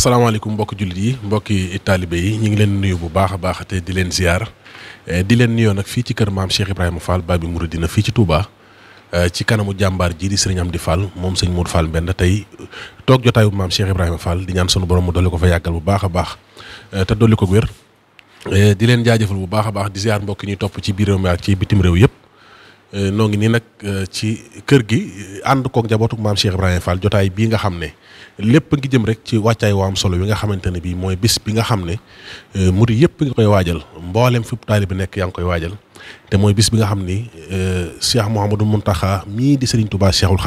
asalaamaaleykum mbokki jullit yi mbokki taalibe yi ñu ngi leen nuyu bu baax a baax te di leen ziar eh, di leen nuyoo nag fii ci kër maam Cheikh Ibrahima bi Babi dina fii ci Touba eh, ci kanamu jàmbaar jii di sëriñ di Fall moom sëñ Mour faal mbenn tey toog jotaayu maam Cheikh Ibrahima faal di ñaan sunu borom mu dolli ko fa yàggal bu baax a baax eh, te dolli ko wér di leen jaajëfal bu baax a baax di ziar mbokki ñuy topp ci biir réew mi ak ci bitim réew yëpp. Euh, noo ngi nii nag euh, ci kër gi ànd koog njabootu maam Cheikh Ibrahima Fall jotaay bii nga xam ne lépp ngi jëm rek ci wàccaay waam solo bi nga xamante ne bii mooy bis bi nga xam ne euh, murid yëpp nga koy waajal mboolem fi bi nekk yaa ngi koy waajal te mooy bis bi nga xam ni Cheikh Mouhamadou Mountakha mii di Serigne Touba Cheikhul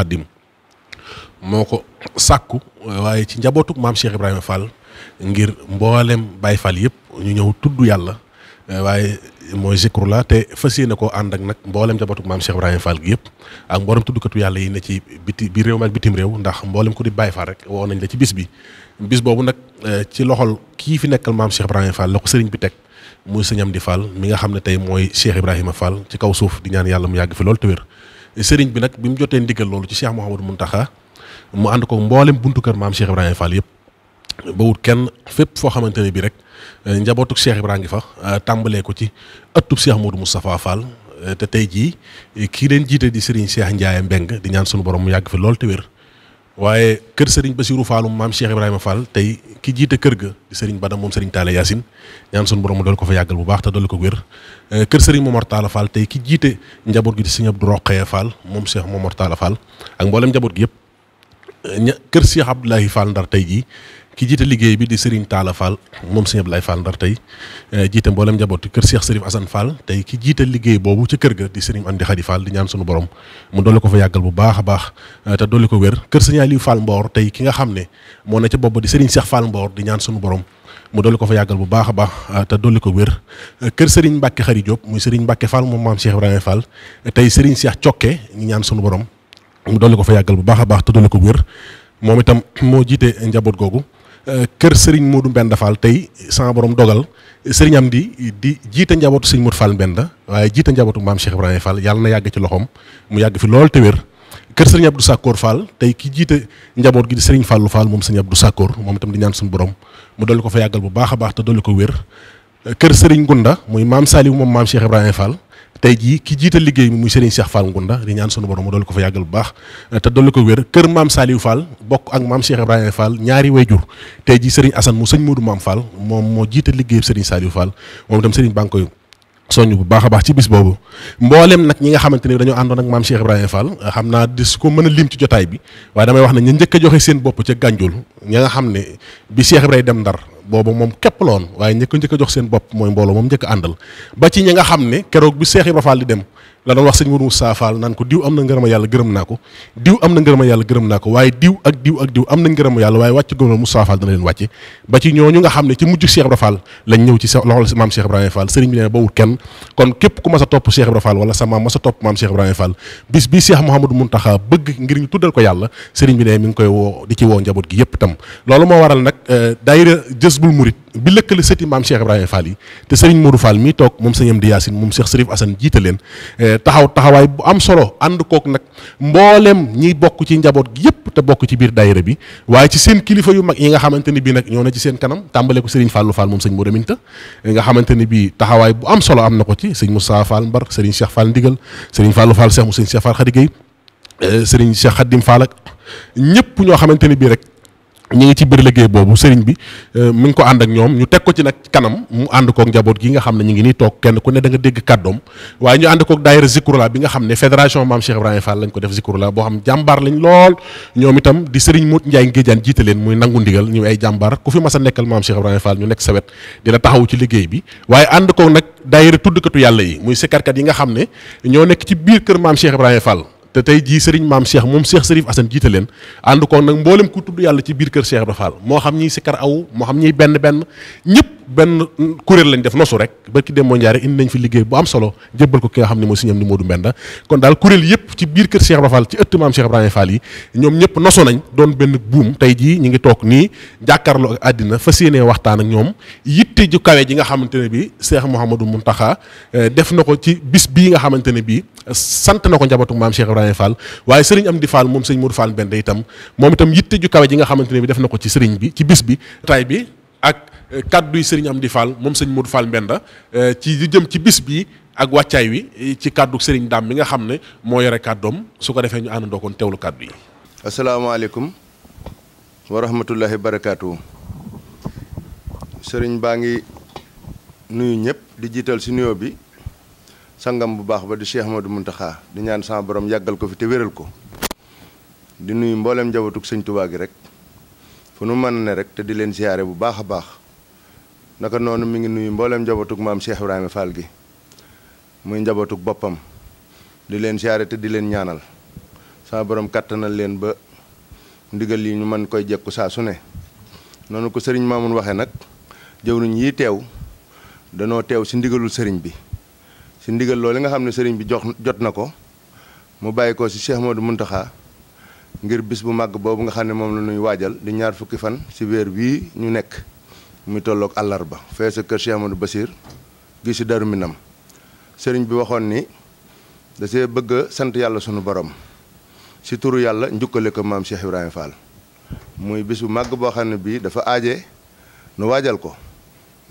ko sàkku waaye ci njabootuk maam Cheikh Ibrahima Fall ngir mboolem Baye Fall yëpp ñu ñëw tudd yàlla Euh, waaye mooy zikrullah te fas yéene koo ànd ak nag mboolem jabatug maam Cheikh Ibrahima Fall gi yëpp ak mboolem tuddukatu yàlla yi ne ci biti bi réew mi ak bitim réew ndax mboolem ku di Baay Fall woo nañ la ci bis bi bis boobu nag euh, ci loxol kii fi nekkal maam Cheikh Ibrahima bi teg muy sëñam di Fall mi nga xam ne tey mooy Cheikh Ibrahima Fall kaw suuf di ñaan yàlla mu yàgg fi loolu te wér sëriñ bi nag bi mu jotee ndigal loolu ci Cheikh Mouhamadou Mountakha mu ànd ko mboolem buntu kër maam Cheikh Ibrahima Fall yëpp ba wut kenn fépp foo xamante ne bi rek Euh, njabootuk Cheikh Ibra ngi fa euh, tàmbalee ko ci ëttub Cheikh Modou Moustapha Fall euh, te tey jii kii leen jiite di Serigne Cheikh Ndiaye Mbeng di ñaan sunu borom mu yàgg fi lool te wér waaye kër ba Bassirou Fallum maam Cheikh Ibrahima Fall tey ki jiite kër ga di Serigne Bada moom Serigne Talla Yacine ñaan sunu borom mu dool ko fa yàggal bu baax te dool ko wér kër Serigne Momar Talla Fall tey ki jiite njaboot gi di Serigne Abdou Rokhaya Fall moom Cheikh Momar Talla Fall ak mboolem njaboot yëpp ña kër Cheikh Abdoulahi Fall Ndar tey jii ki jiite liggéey bi di Serigne Talla Fall moom Serigne Abdoulaye Fall Ndar tey eh, jiite mboolem njabootu kër Cheikh Serif Assane Fall tey ki jiite liggéey boobu ca kër ga di Serigne Amdi Khady Fall di ñaan sunu borom mu dolli ko fa yàggal bu baax a baax eh, te dolli ko wér kër Serigne Aliou Fall Mboor tey ki nga xam ne moo ne ca boobu di Serigne Cheikh Fall Mboor di ñaan sunu borom mu dolli ko fa yàggal bu baax a baax eh, te dolli ko wér kër Serigne Mbacke Khary Diop muy Serigne Mbacke Fall moom maam Cheikh Ibrahima Fall tey Serigne Cheikh Cokke ñu ñaan sunu borom mu dolli ko fa yàggal bu baax a baax te dolli ko wér moom itam moo jiite njaboot googu Euh, kër Serigne moodu Mbenda Fall tey sama borom dogal Serigne am di di jiite njabootu Serigne Modou Fall Mbenda waaye jiite njabootu maam Cheikh Ibrahima Fall yàlla na yàgg ci loxoom mu yàgg fi lool te wér kër Serigne Abdou Sakkoor Fall tey ki jiite njaboot gi di Serigne Fallou Fall moom Serigne Abdou Sakkoor moom itam di ñaan suñu borom mu dolli ko fa yàggal bu baax a baax te dolli ko wér kër Serigne Gunda muy maam Saliou moom maam Cheikh Ibrahima Fall tey jii ki jiita liggéey bi muy Serigne Cheikh Fall Ngunda di ñaan sunu borom mu dolli ko fa yàggal bu baax eh, te dolli ko wér kër maam Saliou Fall bokk ak maam Cheikh Ibrahima tey jii Serigne Assane mu sëñ Modou Maam Fall moom moo jiital liggéey Serigne Saliou Fall moom itam Serigne baa ngi koy soññ bu baax a baax ci bis boobu mboolem nag ñi nga xamante ni dañoo àndoon ak maam Cheikh Ibrahima Fall eh, xam naa dis ko mën a lim ci jotaay bi waaye damay wax na ñu njëkk a joxe seen bopp ca Gànjool ña nga xam ne bi Cheikh Ibrahima dem Ndar booba moom képp loon waaye ñi ko njëkk a jox seen bopp mooy mbooloo moom njëkk àndal ba ci ñi nga xam ne keroog bi Seex Ibra Faal di dem la doon wax sëñ Mourou Moussa Fall naan ko diw am na ngërëma yàlla gërëm naa ko diw am na ngërëma yàlla gërëm naa ko waaye diw ak diw ak diw am na ngërëma yàlla waaye wàcc gëm la Moussa Fall dana leen wàcce ba xam ne ci mujj Cheikh Ibra Fall lañ ñëw ci loxol maam Cheikh kenn kon képp ku a topp Cheikh Ibra wala sa maam a topp maam Cheikh Ibrahima Fall bis bi Cheikh Mouhamadou Mountakha bëgg ngir ñu ko yàlla sëriñ bi koy woo di ci woo njaboot gi yépp itam loolu moo waral nag euh, daayira Jazbul Murid bi lëkkale sëti maam Cheikh Ibrahima Fall yi te Serigne Modou Fall mii toog moom sëñ Amdi Yaasin moom Cheikh Serif Assane jiite leen eh, taxaw taxawaay bu am solo ànd kook nag mboolem ñi bokk ci njaboot gi yëpp te bokk ci biir daayira bi waaye ci seen mag yi nga xamante ni bii nag ñoo na ci seen kanam tàmbale ko Serigne Fallou Fall moom sëñ Modou Aminta eh, nga xamante taxawaay bu am solo am na ko ci sëñ Moussa Fall Mbar Serigne Cheikh Fall Ndigal Serigne Fallou Fall Cheikh mu sëñ Cheikh Fall Khady Gueye eh, Serigne Cheikh Khadim Fall ak ñëpp ñoo xamante ni bii rek ñu ngi ci biir liggéey boobu sëriñ bi euh, mi ngi ko ànd ak ñoom ñu teg ko ci nag kanam mu ànd kook njaboot gi nga xam ne ñu ngi nii toog kenn ku ne da nga dégg kàddoom waaye ñu bi nga xam ne fédération maam Cheikh Ibrahima Fall lañ ko def Zikrula boo xam jàmbaar lañ lool ñoom itam di sëriñ Mout Ndiaye muy nangu ndigal ñu a nekkal maam Cheikh Ibrahima Fall ñu nekk sa wet di la taxawu ci liggéey bi waaye ànd kook nag yàlla yi muy sikkarkat yi nga xam ne ñoo nekk ci biir kër maam Cheikh Ibrahima Fall te tey jii sëriñ maam Cheikh moom Cheikh Sërif asan jiite leen ànd koog nag mboolem ku tudd yàlla ci biir kër Cheikh Ibra Fall moo xam ñiy sikkar aw moo xam ñiy benn benn ñëpp benn kuréel lañ def nosu rek barki dem moo njaare indi nañ fi liggéey bu am solo jébbal ko ki nga xam ne mooy sëñ Amdi Modou Mbenda kon daal kurél yëpp ci biir kër Cheikh Ibra Fall ci ëtt maam Cheikh Ibrahima Fall yi ñoom ñëpp nosu nañ doon benn buum tey jii ñu ngi toog nii jàkkaarloo àddina fas yéenee waxtaan ak ñoom yitte ju kawe ji nga xamante ne bi Cheikh Mouhamadou Mountakha eh, def na ko ci bis bii nga xamante ne bii sant na ko njabootu maam Cheikh Ibrahima Fall waaye sëriñ Amdi Fall moom sëñ Modou Fall Mbenda itam moom itam yitte ju kawe ji nga xamante ne bi def na ko ci seriñ bi ci bis bi tay bi ak kàdduy sëriñ di Fall moom sëñ Modou Fall Mbenda euh, ci di jëm ci bis bi ak wàccaay wi eh, ci kàddu sëriñ Daam bi nga xam ne moo yore kàddoom su ko defee ñu àndandoo kon teewlu kàddu yi. asalaamaaleykum wa rahmatullahi barakaatu. sëriñ baa ngi nuyu ñëpp di jiital ci nuyoo bi sangam bu baax ba di Cheikh Ahmadou Muntaxa di ñaan sama boroom yàggal ko fi te wéral ko. di nuyu mboolem njabootug sëñ Tuubaa gi rek fu nu mën ne rek te di leen siyaare bu baax a baax. naka noonu mi ngi nuyu mbooleem njabootug maam Cheikh Ibrahima Fall gi muy njabootug boppam di leen siyaare te di leen ñaanal sama borom kattanal leen ba ndigal yi ñu mën koy jekku saa su ne noonu ko sëriñ Mamoun waxee nag jëw jëwriñ yi teew danoo teew si ndigalul sëriñ bi si ndigal loolu nga xam ne sëriñ bi jox jot na ko mu bàyyi ko si Cheikh Modou Mountakha ngir bis bu màgg boobu nga xam ne moom la ñuy waajal di ñaar fukki fan si weer wii ñu nekk mu tolloog àllarba fee sa kër Cheikh Amadou Bassir gi si Darou Minam sëriñ bi waxoon ni da see bëgg a sant yàlla sunu borom si turu yàlla njukkale ko maam Cheikh Ibrahima Fall muy bis màgg boo xam ne bii dafa aaje nu waajal ko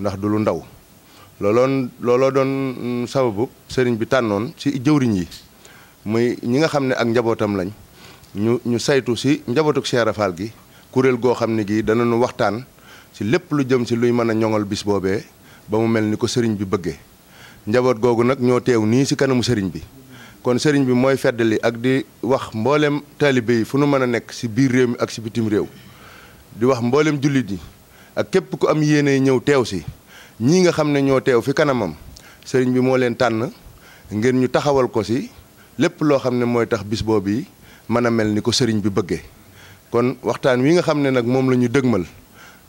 ndax du lu ndaw looloon looloo doon mm, sababu sëriñ bi tànnoon si jëwriñ yi muy ñi nga xam ne ak njabootam lañ ñu ñu saytu si njabootuk Cheikh gi kuréel goo xam ne gii dana nu waxtaan. ci lépp lu jëm ci luy mën a ñoŋal bis boobee ba mu mel ni ko sëriñ bi bëggee njaboot googu nag ñoo teew nii ci kanamu sëriñ bi kon sëriñ bi mooy feddali ak di wax mboolem taalibe yi fu nu mën a nekk ci biir réew mi ak ci bitim réew di wax mboolem jullit yi ak képp ku am yéene ñëw teew ci ñii nga xam ne ñoo teew fi kanamam sëriñ bi moo leen tànn ngir ñu taxawal ko ci lépp loo xam ne mooy tax bis boobu yi mën a mel ni ko sëriñ bi bëggee kon waxtaan wi nga xam ne nag moom la ñu dëgmal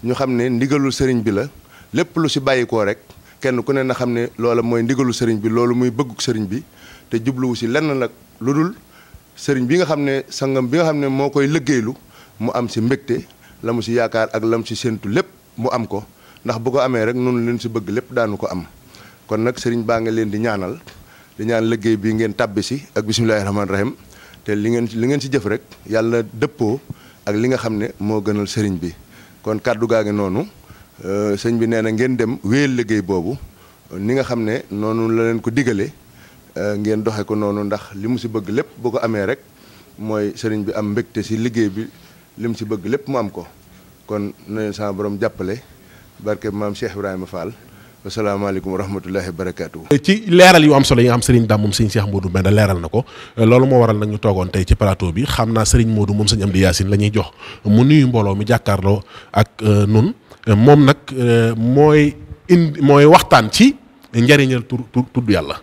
ñu xam ne ndigalul sëriñ bi la lépp lu si bàyyikoo rek kenn ku ne na xam ne loola mooy ndigalu sëriñ bi loolu muy bëgguk sëriñ bi te jubluwu si lenn nag lu dul sëriñ bi nga xam ne sangam bi nga xam ne moo koy liggéeylu mu am si mbégte la mu si yaakaar ak la mu si séntu lépp mu am ko ndax bu ko amee rek noonu leen si bëgg lépp daanu ko am kon nag sëriñ baa ngi leen di ñaanal di ñaan liggéey bi ngeen tàbbi si ak bisimilahi rahmaani rahim te li ngeen li ngeen si jëf rek yàlla dëppoo ak li nga xam ne moo gënal sëriñ bi kon kàddu gaa ngi noonu euh, sëñ bi nee na ngeen dem wéyal liggéey boobu ni nga xam ne noonu la leen ko digale euh, ngeen doxe ko noonu ndax li mu si bëgg lépp boo ko amee rek mooy sëriñ bi am mbégte si liggéey bi li mu si bëgg lépp mu am ko kon na leen sama borom jàppale barke maam Cheikh Ibrahima Fall asalaamaaleykum wa rahmatullahi wa barakaatu. Eh, ci leeral yu am solo yi am xam Serigne Dame moom Serigne Cheikh Modou leeral na ko eh, loolu moo waral nag ñu toogoon tey ci plateau bi xam naa Serigne Modou moom Serigne Amdi Yacine la ñuy jox mu nuyu mbooloo mu jàkkaarloo ak eh, nun moom nag mooy indi mooy waxtaan ci njëriñal tur tudd yàlla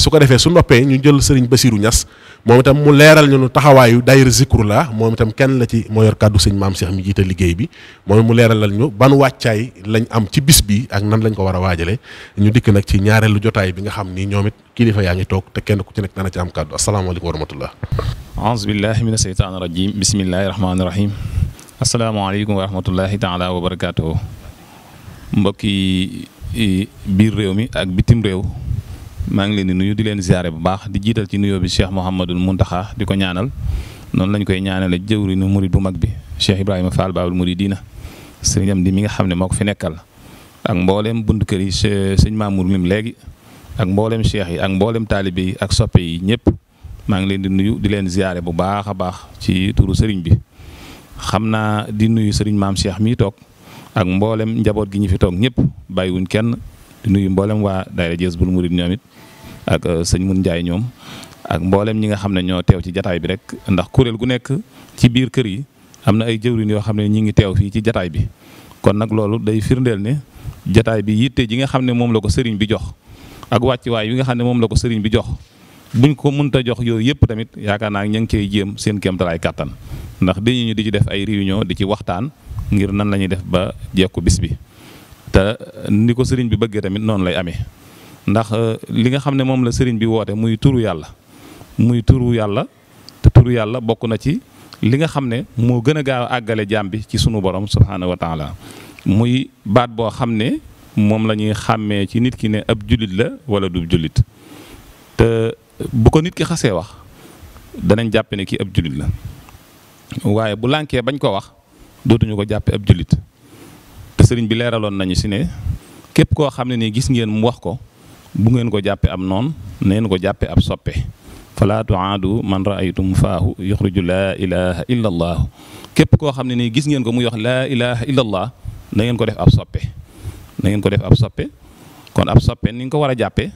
su ko defee su noppee ñu jël Serigne basiiru ñas moom itam mu leeral ñu nu taxawaayu daayira Zikroulah moom itam kenn la ci moo yor kàddu sëñ maam Cheikh mi jiite liggéey bi moom mu leeralal ñu ban wàccaay lañ am ci bis bi ak nan lañ ko war a waajalee ñu dikk nag ci ñaareelu jotaay bi nga xam ni ñoom it kilifa yaa ngi toog te kenn ku ci nekk dana ci am kàddu asalaamaaleykum wa rahmatullah aouzu billahi mina sheytaani rajim bismillahi rahmaani asalaamaaleykum wa rahmatullahi taala wa barakatuhu mbokki eh, biir réew mi ak bitim réew maa ngi leen di nuyu di leen ziare bu baax di jiital ci nuyoo bi Cheikh Mouhamadul Mountakha di ko ñaanal noonu lañ koy ñaanale jëwriñu murid bu mag bi Cheikh Ibrahima Fall Baabul Muridiina sëriñ am di mi nga xam ne moo ko fi nekkal ak mbooleem buntu kër yi sëñ Mamour lim léegi ak mboolem cheikh yi ak mboolem taalibe yi ak soppe yi ñëpp maa ngi leen di nuyu di leen ziare bu baax a baax ci turu sëriñ bi xam naa di nuyu sëriñ maam cheikh mii toog ak mboolem njaboot gi ñu fi toog ñëpp wuñ kenn di nuyu mboolem waa daayira Jazbul ñoom it ak euh, sëñ Mun Njaay ñoom ak mboolem ñi nga xam ne ñoo teew ci jataay bi rek ndax kuréel gu nekk ci biir kër yi am na ay jëwriñ yoo xam ne ñi ngi teew fii ci jataay bi kon nag loolu day firndeel ne jataay bi yitte ji nga xam ne moom la ko sëriñ bi jox ak wàccuwaay bi nga xam ne moom la ko sëriñ bi jox buñ ko mënta jox yooyu yëpp tamit yaakaar naa ña ngi cey jéem seen kéemtalaay kàttan ndax dañu di ci def ay réunion di ci waxtaan ngir nan la ñuy def ba jekku bis bi te ni ko sëriñ bi bëggee tamit noonu lay amee ndax euh, li nga xam ne moom la sëriñ bi woote muy turu yàlla muy turu yàlla te turu yàlla bokk na ci li nga xam ne moo gën a gaaw àggale jaam bi ci sunu borom subhaanahu wa muy baat boo xam ne moom la ñuy xàmmee ci nit ki ne ab jullit la wala du jullit te bu ko nit ki xasee wax danañ jàppe ne kii ab jullit la waaye bu lànkee bañ ko wax dootuñu ko jàppe ab jullit te sëriñ bi leeraloon nañu si ne képp koo xam ne ni gis ngeen mu wax ko bu ngeen ko jàppee am noon neen ko jàppee ab soppe falaa tuaadu man raaytum faahu yuxriju laa ilaha illa allaahu képp koo xam ne nii gis ngeen ko mu yox laa ilaha illa allah na ngeen ko def ab soppe na ngeen ko def ab soppe kon ab soppe ni nga ko war a jàppee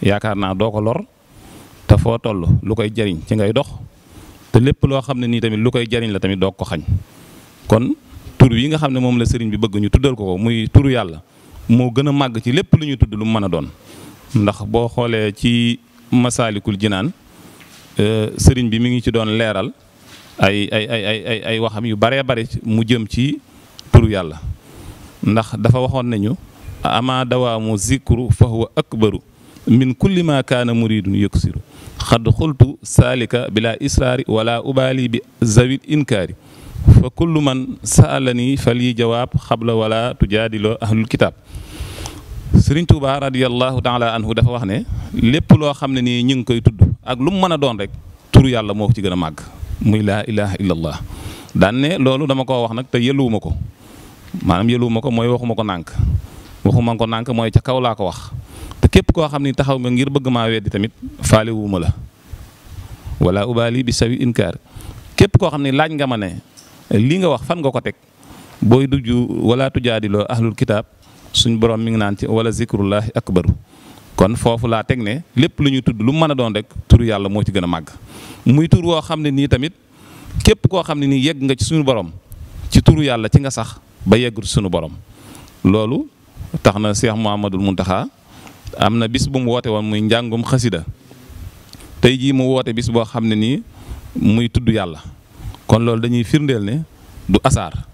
yaakaar naa doo ko lor te foo toll lu koy jariñ ci ngay dox te lépp loo xam ne nii tamit lu koy jariñ la tamit doog ko xañ kon tur yi nga xam ne moom la sëriñ bi bëgg ñu tuddal ko ko muy turu yàlla moo gën a màgg ci lépp lu ñuy tudd lu mën a doon ndax boo xoolee ci masaalikul jinaan euh, sëriñ bi mi ngi ci doon leeral ay waxam yu baree bare mu jëm ci pour yàlla ndax dafa waxoon nañu ama dawaamu zikru fa huwa akbaru min kulli ma kaana muridun yuksiru xad xultu saalika bila israari wala ubaali bi zawil inkaari fa kullu man saalani fali jawaab xabla wala tujaadiloo ahlul kitaab sëriñ Touba radiyallahu taala anhu dafa wax ne lépp loo xam ne nii ñu ngi koy tudd ak lu mu mën a doon rek turu yàlla moo ko ci gën a màgg muy laa ilaha illallah daan ne loolu dama koo wax nag te yëluwuma ko maanaam yëluwuma ko mooy waxuma ko nànk waxuma ko nànk mooy ca kaw laa ko wax te képp koo xam ni taxaw nga ngir bëgg maa weddi tamit faale wuuma la wala ubaali bi sawi inkaar képp koo xam ne laaj nga ma ne lii nga wax fan nga ko teg booy dugg wala tujaadiloo ahlul kitaab suñ borom mi ngi naan ci wala zikrullahi akbaru kon foofu laa teg ne lépp lu ñuy tudd lu mën a doon rek turu yàlla moo ci gën a màgg muy tur woo xam ne nii tamit képp koo xam ne nii yegg nga ci suñu borom ci turu yàlla ci nga sax ba yeggut suñu borom loolu tax na Cheikh Mouhamadul Mountakha am na bis bu mu woote woon muy njàngum xasida tey jii mu woote bis boo xam ne nii muy tudd yàlla kon loolu dañuy firndeel ne du asaar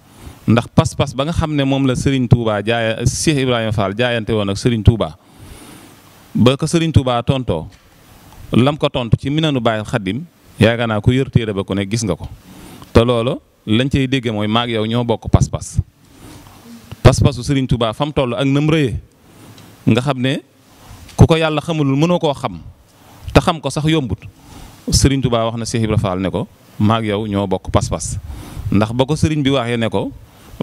ndax pas-pas ba nga xam ne moom la Serigne Touba jaaya Cheikh Ibrahima jaayante woon ak Serigne Touba ba ko Serigne Touba tontoo lam ko tontu ci minanu Baay Xadim yaakaar naa ku yër téere ba ku ne gis nga ko te loolo lañ cay dégge mooy maag yow ñoo bokk pas-pas pas-pasu Serigne Touba fam toll ak nam rëye nga xam ne ku ko yàlla xamulul mënoo koo xam te xam ko sax yombut Serigne Touba wax na Cheikh Ibrahima Fall ne ko maag yow ñoo bokk pas-pas ndax ba ko Serigne bi waxee ne ko.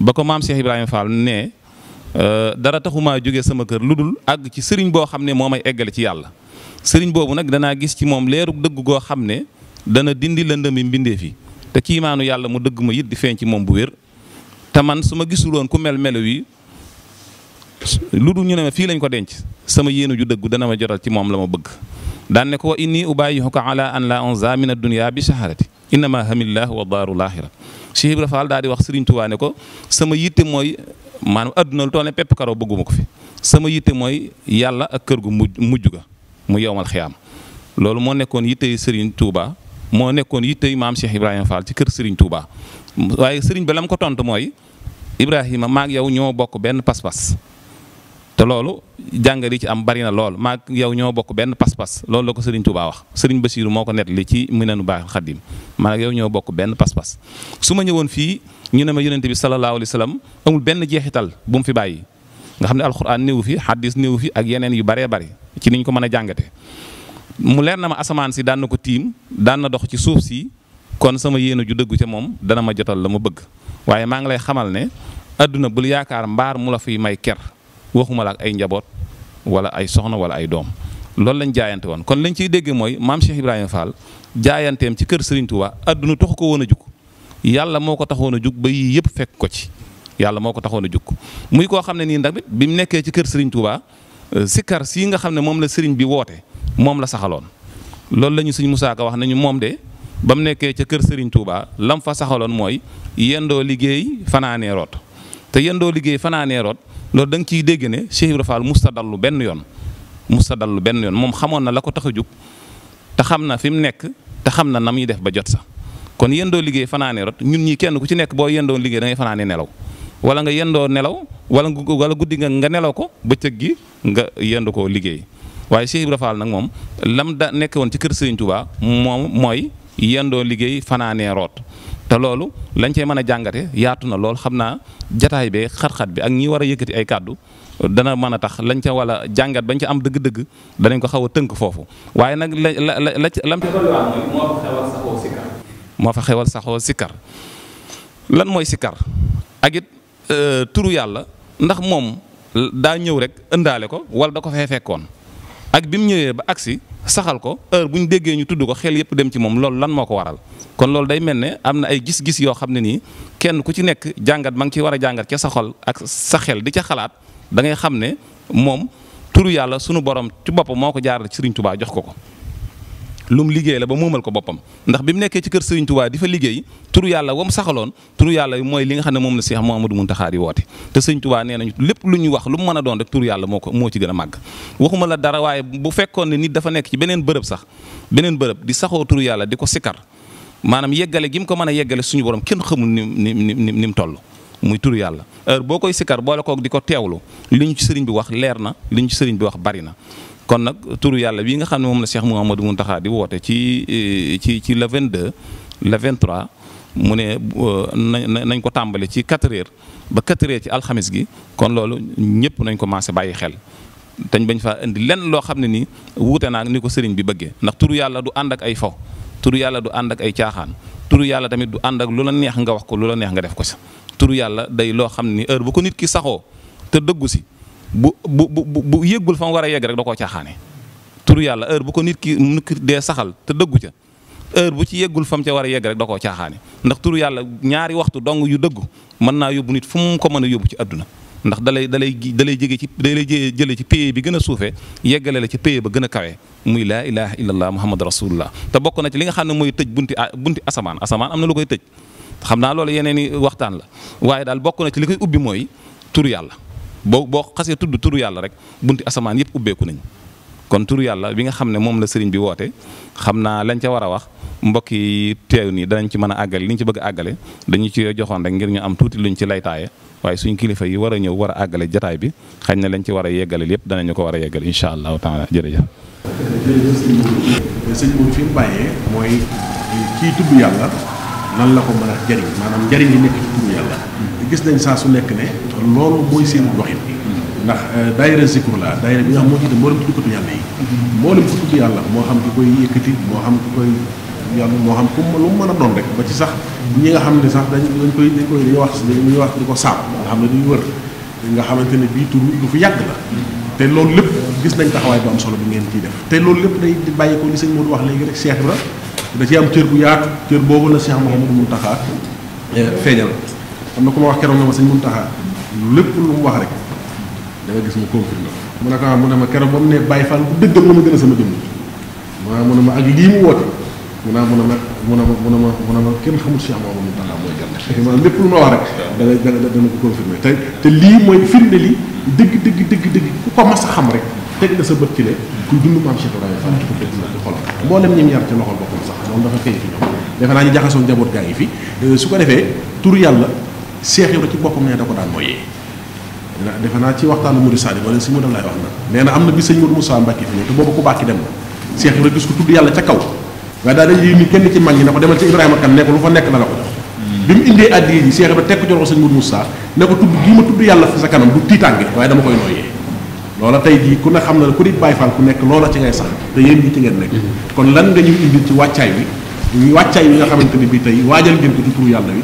ba ko maam Cheikh Ibrahima Fall ne euh, dara taxumaa jóge sama kër lu dul àgg ci sëriñ boo xam ne moo may eggale ci yàlla sëriñ boobu nag danaa gis ci moom leerug dëgg goo xam ne dana dindi lëndëmi mbindeef yi te kiimaanu yàlla mu dëgg ma yit di feeñ ci moom bu wér te man su ma gisuloon ku mel melo yi lu dul ñu ne fii lañ ko denc sama yéenu ju dëggu dana ma jotal ci moom la ma bëgg daan ne ko wa inni ubayyuka ala an la anza min ad dunya bi shahadati innama hamillah wa daarul aaxira Cheikh Ibra Fall daal di wax Serigne Touba ne ko sama yitte mooy maan adduna lu toll pepp karaw bëgguma ko fi sama yitte mooy yàlla ak kër gu mujj mujj ka mu yowmal xiyaam loolu moo nekkoon yitte yi Serigne Touba moo nekkoon yitte yi maam Cheikh Ibrahima Fall ci kër Serigne Touba waaye Serigne ba la ko tontu mooy Ibrahima maag yow ñoo bokk benn pas-pas. te loolu jàngari ci am bari na lool maa yow ñoo bokk benn pas-pas loolu ko Serigne Touba wax Serigne Bassirou moo ko nettali ci Minanu Baaxil Xaddim maa yow ñoo bokk benn pas su ma ñëwoon fii ñu ne ma yonente bi sallallahu alayhi wa sallam amul benn jeexital bu mu fi bàyyi nga xam ne alxuraan néewu fi xaddis néewu fi ak yeneen yu baree bari ci niñ ko mën a jàngate mu leer ma asamaan si daan na ko tiim daan na dox ci suuf si kon sama yéene ju dëggu ca moom dana ma jotal la ma bëgg waaye maa ngi lay xamal ne adduna bul yaakaar mbaar mu la fi may ker waxuma la ay njaboot wala ay soxna wala ay doom loolu lañ jaayante woon kon lañ ciy dégg mooy maam Cheikh Ibrahima Fall jaayanteem ci kër Serigne Touba adduna taxu ko woon a jug yàlla moo ko taxoon a jug ba yii yëpp fekk ko ci yàlla moo ko taxoon a jug muy koo xam ne nii ndax bi mu nekkee ci kër Serigne Touba euh, sikkar sii nga xam ne moom la Serigne bi woote moom la saxaloon loolu la ñu suñ Moussa wax nañu moom de ba nekkee ca kër Serigne lam fa saxaloon mooy yendoo liggéey fanaaneeroot te yendoo liggéey fanaanee loolu da nga ciy dégg ne Cheikh Ibra musta dallu benn yoon musta dallu benn yoon moom xamoon na la ko tax a jug te xam na fi mu nekk te xam na na muy def ba jot sax kon yendoo liggéey fanaane ñun ñi kenn ku ci nekk boo yendoo liggéey da ngay fanaane nelaw wala nga yendoo nelaw wala wala guddi nga nga nelaw ko bëccëg gi nga yendu koo liggéey waaye Cheikh Ibra nag moom lam da nekk woon ci kër Serigne Touba moom mooy yendoo liggéey fanaanee root te loolu lañ cee mën a jàngate yaatu na lool xam naa jataay bee xat-xat bi ak ñi war a yëkkati ay kàddu dana mën a tax lañ ca wala jàngat bañ ci am dëgg-dëgg danañ ko xaw a tënk foofu waaye nag la la la la moo fa saxoo sikkar lan mooy sikkar ak it euh, turu yàlla ndax moom daa ñëw rek ëndaale ko wala da ko fee fekkoon ak bi mu ñëwee ba agsi saxal ko heure bu ñu déggee ñu tudd ko xel yëpp dem ci moom loolu lan moo ko waral kon loolu day mel ne am na ay gis-gis yoo xam ne nii kenn ku ci nekk jàngat ma ngi ciy war a jàngat ca sa ak sa xel di ca xalaat dangay xam ne moom turu yàlla sunu borom ci bopp moo ko jaaral ci Serigne Touba jox ko ko. lu mu liggéey la ba moomal ko boppam ndax bi mu nekkee ci kër Serigne Touba di fa liggéey turu yàlla wam saxaloon turu yàlla mooy li nga xam ne moom la Cheikh Mouhamadou Mountakha di woote te Serigne Touba lépp lu ñu wax lu mu mën a doon rek turu yàlla moo ko moo ci a màgg waaye bu fekkoon ne nit dafa nekk ci beneen bërëb sax beneen bërëb di saxoo yàlla di ko sikkar maanaam yeggale gi mu ko mën a yeggale suñu borom kenn xamul ni ni ni ni mu toll muy turu yàlla heure boo koy sikkar boole koog di ko teewlu li ñu ci sëriñ bi wax leer na li ñu ci sëriñ bi wax bari na kon nag turu yàlla bii nga xam ne moom la Cheikh mu Mountakha di woote ci eh, ci ci le 22 le 23 mu ne euh, nañ nañ ko tàmbali ci 4 ba 4 heures ci alxamis gi kon loolu ñëpp nañ ko commencé bàyyi xel. dañ bañ faa indi lenn loo xam ne nii wuute naa ni ko sëriñ bi bëggee ndax turu yàlla du ànd ak ay fo turu yàlla du ànd ak ay caaxaan turu yàlla tamit du ànd ak lu la neex nga wax ko lu la neex nga def ko si. turu yàlla day loo xam ne nii heure bu ko nit ki saxoo te dëggu si. bu bu bu bu yëggul fa mu war a yegg rek da ko caaxaane tur yàlla heure bu ko nit ki nit ki dee saxal te dëggu ca heure bu ci yeggul fa mu ca war a yegg rek da koo caaxaane ndax tur yàlla ñaari waxtu dong yu dëggu mën naa yóbbu nit fu mu ko mën a yóbbu ci àdduna ndax dalay dalay dalay jege ci dalay jëlee ci paye bi gën a suufee yeggale la ci paye ba gën a kawe muy laa ilaha illallah muhammad rasulullah te bokk na ci li nga xam ne mooy tëj bunti ah, bunti asamaan asamaan am na koy tëj xam naa loolu yeneen i waxtaan la waaye daal bokk na ci li koy ubbi mooy tur yàlla boo boo xasee tudd turu yàlla rek bunti asamaan yëpp ubbeeku nañ kon turu yàlla bi nga xam ne moom la sëriñ bi woote xam naa lañ ca war a wax mbokk yi teew nii danañ ci mën a àggale li ci bëgg àggale dañu ci joxoon rek ngir ñu am tuuti luñ ci laytaaye waaye suñ kilifa yi war a ñëw war a àggale jataay bi xañ na lañ ci war a yeggale yëpp ñu ko war a yeggale incha allahu taala jërëjëf. sëñ bi fi mu maanaam njëriñ li nekk ci tudd gis nañ saa su nekk ne loolu mooy seen doxin ndax euh, daayira zikur la daayira bi nga xam moo jiite mboolem tuddkatu yàlla yi mboolem ku tudd moo xam ki koy yëkkati moo xam ki koy yàlla moo xam ku lu mu mën a doon rek ci sax ñi nga xam ne sax dañ dañ koy dañ koy dañuy wax dañuy wax di ko saab nga xam ne duñ wër nga xamante ne bii tur lu fi te loolu lépp gis nañ taxawaay bu solo bi ngeen ciy def te loolu lépp day bàyyi ko li sëñ wax léegi rek Cheikh Ibra da ci am cër bu yaatu cër boobu la Cheikh Mouhamadou Mountakha euh, feeñal am na ku ma wax keroog ne ma sëñ Muntaxa lépp lu mu wax rek da nga gis mu confirmé mu ne kaa ah mu ne ma keroog ba mu ne Baye fan bu dëggal la ma gën a sama jëmm maanaam mu ne ma ak lii mu woote mu ne ah mu ne ma mu ne ma ma mu ne ma kenn xamul Cheikh Mamadou Muntaxa mooy gan maanaam lépp lu ma rek dana ko confirmé te te lii mooy firnde li dëgg dëgg dëgg dëgg ku ko mas xam rek teg na sa bët ci ne kuy dund maam Cheikh Ibrahima Fall ko teg na ci xolam mboolem ñi mu yar ci loxol boppam sax moom dafa feeñ fi ñoom defe naa ñu jaxasoo gaa yi fi su ko defee tur yàlla Cheikh Ibra ci boppam ne da ko daan nooyee defe naa ci waxtaanu Mouride Sadi wala si mu def laay wax na nee na am na bi sëñ Modou Moussa Mbacke fi ñëw te boobu ku bàkki dem ko tudd Ibrahima kan nekk lu fa nekk na la ko hmm. mu indee addiye ji Cheikh Ibra teg ko ci loxo sëñ Modou Moussa ne ko tudd gii ma yàlla waaye dama koy nooyee loola tey ku na ku di ku nekk loola ci ngay sax te yéen ñi ci ngeen nekk hmm. kon lan nga ñuy indi ci wàccaay wi wàccaay wi nga xamante ni bi tey waajal ngeen ko ci turu yàlla wi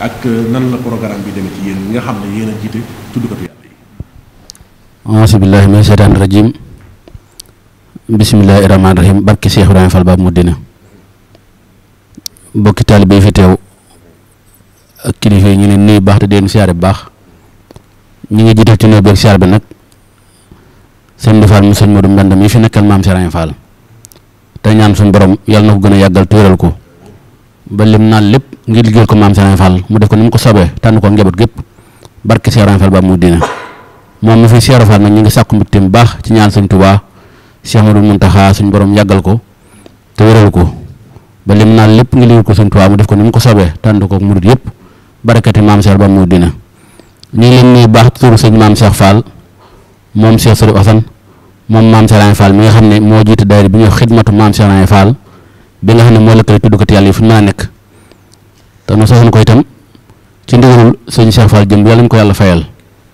ak euh, nan la programme bi demee ci yéen nga xam ne yéen a jiite tuddukatu yàlla yi. auzu billaahi mina sheytaani rajiim bismillaahi rahmaani rahiim barke Cheikh Ibrahima Fall Baab Mudina yi fi teew ak kilifa ñu ne nuyu baax te dégg siyaare bu baax ñu ngi jiite ci nuyu beeg siyaare bi nag sëñ bi Fall mu sëñ Modou Mbendam yi fi nekkal maam Serigne Fall te ñaan suñu borom yàlla na ko gën a yàggal tuural ko. ba lim naan lépp ngi liggéeyal ko maam Serigne Fall mu def ko ni mu ko sobee tànn ko njaboot gépp barke Serigne Fall ba mu diina moom mi fi Serigne Fall nag ñu ngi sàkku mbégte bu baax ci ñaan Serigne Touba Cheikh Amadou Mountakha suñu borom yàggal ko te wéral ko ba lim naan lépp ngir liggéeyal ko Serigne Touba mu def ko ni mu ko sobee tànn ko murid yëpp barakati maam Serigne ba mu diina ñu ngi leen nuyu baax turu sëñ maam Cheikh Fall moom Cheikh Sëriñ Assane moom maam Serigne Fall mi nga xam ne moo jiite daayira bi ñu xidmatu maam Serigne Fall bi nga xam ne moo lëkkale tuddkat yàlla yi fu ñu mën a nekk te nu saxoon ko itam ci ndigalul sëñ Cheikh Fall jëm yàlla ñu ko yàlla fayal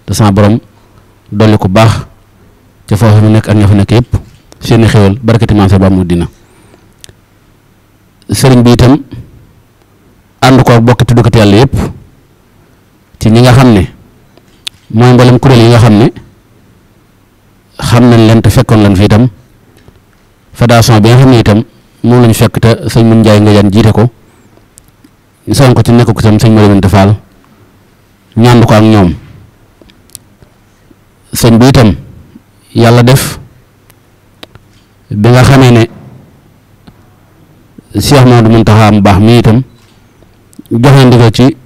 te sama borom dolli ko baax ca foofu mu nekk ak ña fa nekk yëpp seeni xéwal barakati maam ba mu dina sëriñ bi itam ànd ko ak bokki tuddkat yàlla yëpp ci ñi nga xam ne mooy mboolem kuréel yi nga xam ne xam nañ leen te fekkoon lan fi itam fédération bi nga xam ne itam moom lañu fekk te sëñ Mun Njaay nga daan jiite ko ñu soxla ko ci nekk ko itam sëñ Mor Binta Fall ñaandu ko ak ñoom sëñ bi itam yàlla def bi nga xamee ne Cheikh Mamadou Muntaxa mu baax mii itam joxe ndigal ci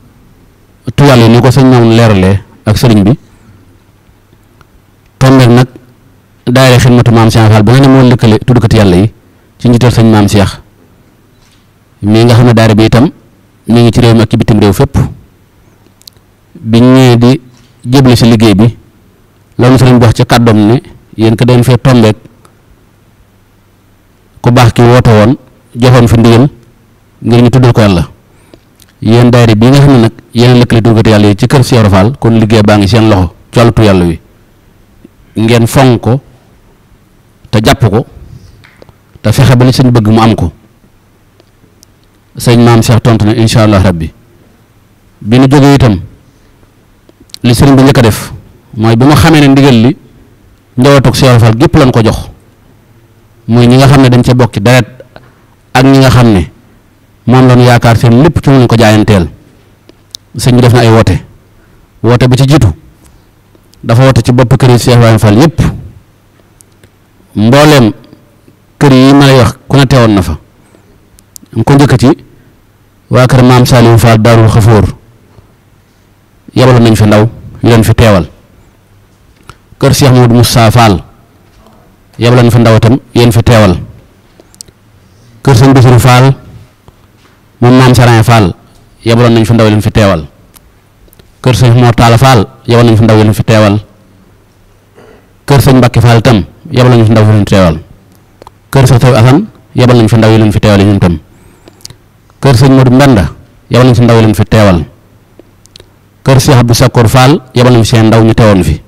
tuwal yi ni ko sëñ Mamoun leeralee ak sëriñ bi tombeek nag daayira Xidmatu Maam Cheikh Fall bu nga ne moo lëkkale tuddukati yàlla yi ci njiital sëñ maam Cheikh mii nga xam ne daara bi itam mi ngi ci réew mi ak ci bitim réew fépp biñ ñëwee di jébli si liggéey bi loolu sëriñ bi wax ci kàddoom ne yéen ko dañ fee tombeek ku baax ki woote woon joxoon fi ndigal ngir ñu tuddal ko yàlla yéen daayira bi nga xam ne nag yéen lëkkale tuggati yàlla yi ci kër Cheikh Fall kon liggéey baa ngi seen loxo ci wàllu yàlla wi ngeen fonk ko te jàpp ko te fexe ba li sëñ bëgg mu sëñ maam Cheikh tontu na incha allah bi nu jógee itam li sëriñ bi def mooy bi mu xamee ne ndigal li njabootug Cheikh lañ ko jox muy ñi nga xam ne dañ ca bokki deret ñi nga xam ne moom lañu yaakaar seen lépp ci lañ ko jaayanteel sëñ def na ay woote woote bi ci jiitu dafa woote ci bopp kër yi Cheikh Fall yépp mbooleem kër yi ma lay wax ku ne teewoon na fa mu ko njëkk ci waa kër maam Saliou Fall Daarul Xafoor yabaloon nañ fi ndaw ñu leen fi teewal kër Cheikh Mamadou Moussa Fall yabaloon fi ndaw itam yéen fi teewal kër sëñ Bassirou Fall moom maam Sarañ Fall yabaloon nañ fi ndaw leen fi teewal kër sëñ Mor Talla Fall yabal nañ fi ndaw leen fi teewal kër sëñ Mbacke Fall itam fi ndaw leen fi teewal kër sëñ Taw Asan yebal nañ fi ndaw yi leen fi teewal ñun tam kër sëñ Modou Mbenda yebal nañ fi ndaw yi leen fi teewal kër Cheikh Abdou Sakor Fall yebal nañ fi seen ndaw ñu teewoon fi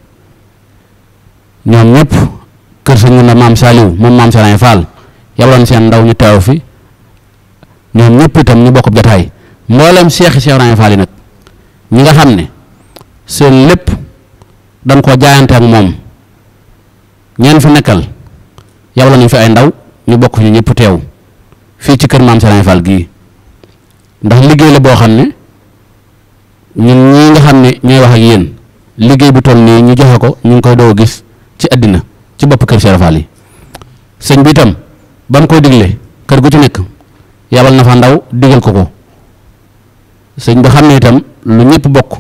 ñoom ñëpp kër sëñ Mounda maam Saliou seen ndaw ñu teew fi ñoom ñëpp itam ñu bokk jataay mboolem Cheikh Cheikh Ibrahima yi nag ñi nga xam ne seen lépp dañ koo jaayante ak moom ñeen fi nekkal yabaloon nañ fi ay ndaw ñu bokk ñu ñëpp teew fii ci kër maam Serigne gii ndax liggéey la boo xam ne ñun ñii nga xam ne ñuy wax ak yéen liggéey bu toll nii ñu joxe ko ñu ngi koy doo gis ci àddina ci bopp kër Serigne yi sëñ bi itam ba mu koy digle kër gu ci nekk yabal na fa ndaw digal ko ko sëñ bi xam ne itam lu ñëpp bokk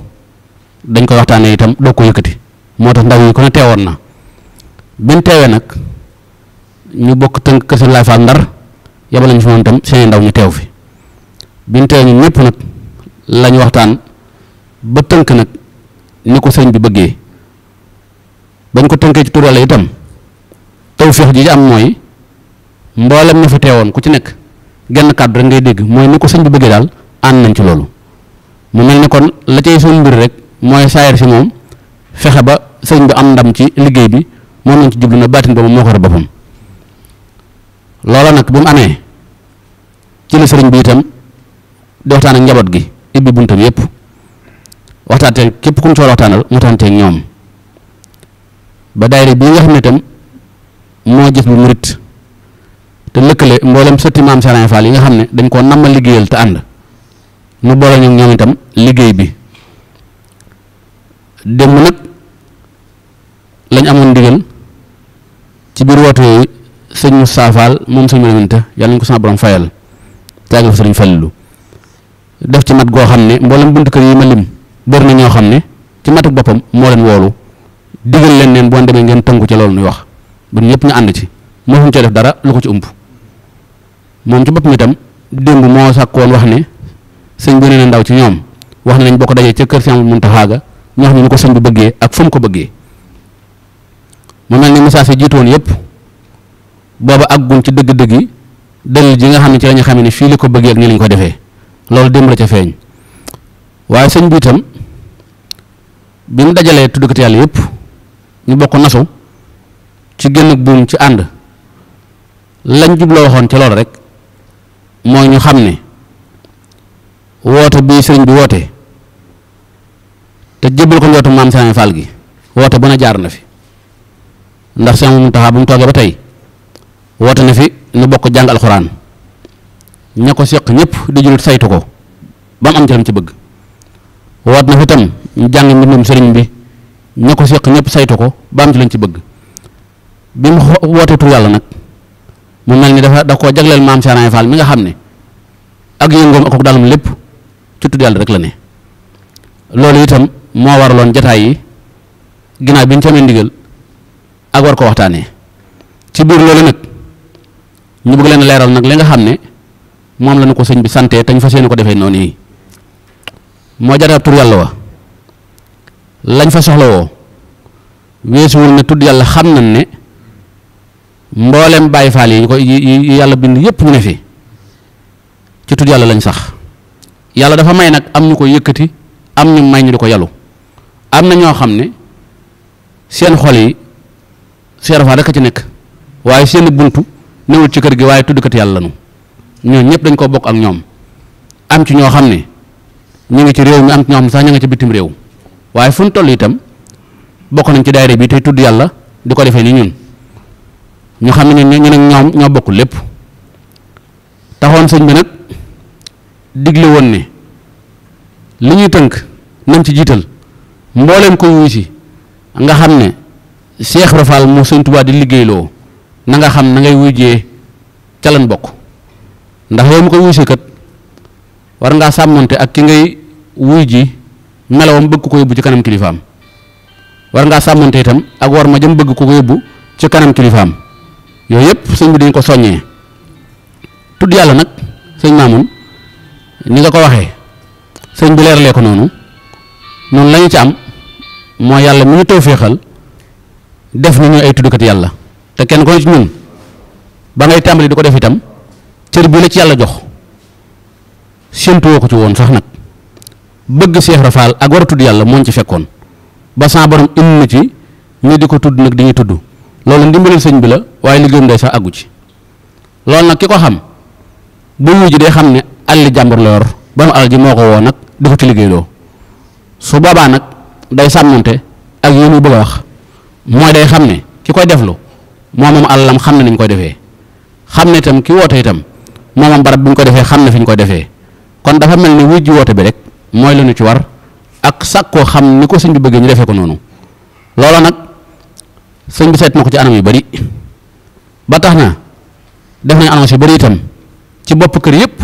dañ koy waxtaanee itam doo ko yëkkati moo tax ndaw yi ko ne teewoon na bin teewee nag. ñu bokk tënk kese laay faal ndar yabal nañu fi moom itam seen ndaw ñu teew fi biñ teew ñu ñëpp nag lañu waxtaan ba tënk nag ni ko sëñ bi bëggee bañ ko tënkee ci turale itam tawféex ji am mooy mboolem ñu fi teewoon ku ci nekk genn kàddu rek ngay dégg mooy ni ko sëñ bi bëggee daal ànd nañ ci loolu mu mel ni kon la cay suñu mbir rek mooy saayir si moom fexe ba sëñ bi am ndam ci liggéey bi moom nañ ci jublu na baatin boobu moo ko war boppam loola nag bu mu amee ci la sëriñ bi itam di waxtaan ak njaboot gi ibbi buntam yëpp waxtaan te képp ku mu soxla waxtaanal mu waxtaan ñoom ba daayira bi nga xam ne itam moo jëf bu murit te lëkkale mboolem sëtti maam Serigne yi nga xam ne dañ koo namm liggéeyal te ànd mu boole ñu ñoom itam liggéey bi démb nag lañ amoon ndigal ci biir woote yooyu sëñ Moussa Fall moom sëñ Maminta yàlla ñu ko sama borom fayal tàggal fa sëriñ Fallilu def ci mat goo xam ne mboolem buntu kër yi ma lim bëri na ñoo xam ne ci matuk boppam moo leen woolu digal leen neen boo demee ngeen tënku ci loolu ñuy wax ba ñëpp ñu ànd ci moo fu ñu def dara lu ci ump moom ci boppam itam démb moo sàkkoon wax ne sëñ bi nee na ndaw ci ñoom wax nañ boo ko dajee ca kër si amul Muntaxa ga ñu wax ne ñu ko sëñ bi bëggee ak fu mu ko bëggee mu mel ni message yi jiitu woon booba aggun ci dëgg-dëgg yi ji nga xam ne ci la ñu xamee fii li ko bëggee ak ni lañ ko defee loolu démb la ca feeñ waaye sëñ bi itam bi mu dajalee tuddkat yàlla yëpp ñu bokk nasu ci génn buum ci ànd lañ jubloo waxoon ci loolu rek mooy ñu xam ne woote bii sëñ bi woote te jébbal ko njootu maam Saami Fall gi woote bu ne jaar na fi ndax sama mu taxaa bu mu toogee ba tey woote na fi nu bokk jàng alxuraan ña ko seq ñëpp di julit saytu ko ba mu am ci lam ci bëgg woote na fi itam jàng mbindum sëriñ bi ña ko seq ñëpp saytu ko ba am ci lañ ci bëgg bi mu wootee tur yàlla nag mu mel ni dafa da koo jagleel maam Serigne Fall mi nga xam ne ak yëngoom ak dalum lépp ci tudd yàlla rek la ne loolu itam moo war waraloon jataay yi ginnaaw bi ñu ci amee ndigal ak war ko waxtaanee ci biir loolu nag ñu bëgg leen leeral nag li nga xam ne moom la ko sëñ bi sante te ñu fas yéene ko defee noonu yi moo jarab tur yàlla wa lañ fa soxlawoo weesuwul ne tudd yàlla xam nañ ne mboolem bàyyi Faal yi ñu ko yi yàlla bind yépp ñu ne fi ci tudd yàlla lañ sax yàlla dafa may nag am ñu ko yëkkati am ñu may ñu di ko yalu am na ñoo xam ne seen xol yi seerafaat rek a ci nekk waaye seen buntu newul ci kër gi waaye tudd ko tuddkat yàlla lanu ñoo ñëpp dañ ko bokk ak ñoom am ci ñoo xam ne ñu ngi ci réew mi am ci ñoo xam ne sax ñu ngi ci bitim réew waaye fu ñu bokk nañ ci daayira bi tey tudd yàlla di ko defee ni ñun ñu xam ne ñu nag ñoom ñoo bokk lépp taxoon sëñ bi nag woon ne li tënk nañ ci jiital mbooleem ko wuy si nga xam ne Cheikh Ibra Fall moo sëñ Tuubaa di liggéeyloo na nga xam na ngay wujjee ca lan bokk ndax yow mu ko wuy si kat war ngaa sàmmonte ak ki ngay wuy ji melawam bëgg ko ci kanam kilifaam war ngaa sàmmonte itam ak war ma jëm bëgg ko ko yóbbu ci kanam kilifaam yooyu yëpp sëñ bi dañ ko soññee tudd yàlla nag sëñ Maamun ni nga ko waxee sëñ bi leeralee ko noonu noonu lañu ci am moo yàlla mu ñu tawféexal def nañu ay tuddkat yàlla te kenn ko ne ci ñun ba ngay tàmbali di ko def itam cër bi la ci yàlla jox séentuwoo ko ci woon sax nag bëgg Seex Ibra Faal ak war a tudd yàlla moo ci fekkoon ba sa borom indi na ci ñi di ko tudd nag di dañuy tudd loolu ndimbalal sëñ bi la waaye liggéeyam day sax àggu ci loolu nag ki ko xam bu ñu ji day xam ne àlli jàmbur la ba borom àll ji moo ko woo nag di ko ci liggéeyloo su boobaa nag day sàmmante ak yéen yu bëgg a wax mooy day xam ne ki koy deflu moo moom alalam xam na ni mu koy defee xam ne itam ki woote itam moo barab bi mu ko defee xam na fi ñu koy defee kon dafa mel ni wujj woote bi rek mooy la ñu ci war ak sàkkoo xam ni ko sëñ bi bëggee ñu defee ko noonu looloo nag sëñ bi seet na ko ci anam yu bari ba tax na def nañ annonce yu bari itam ci bopp kër yëpp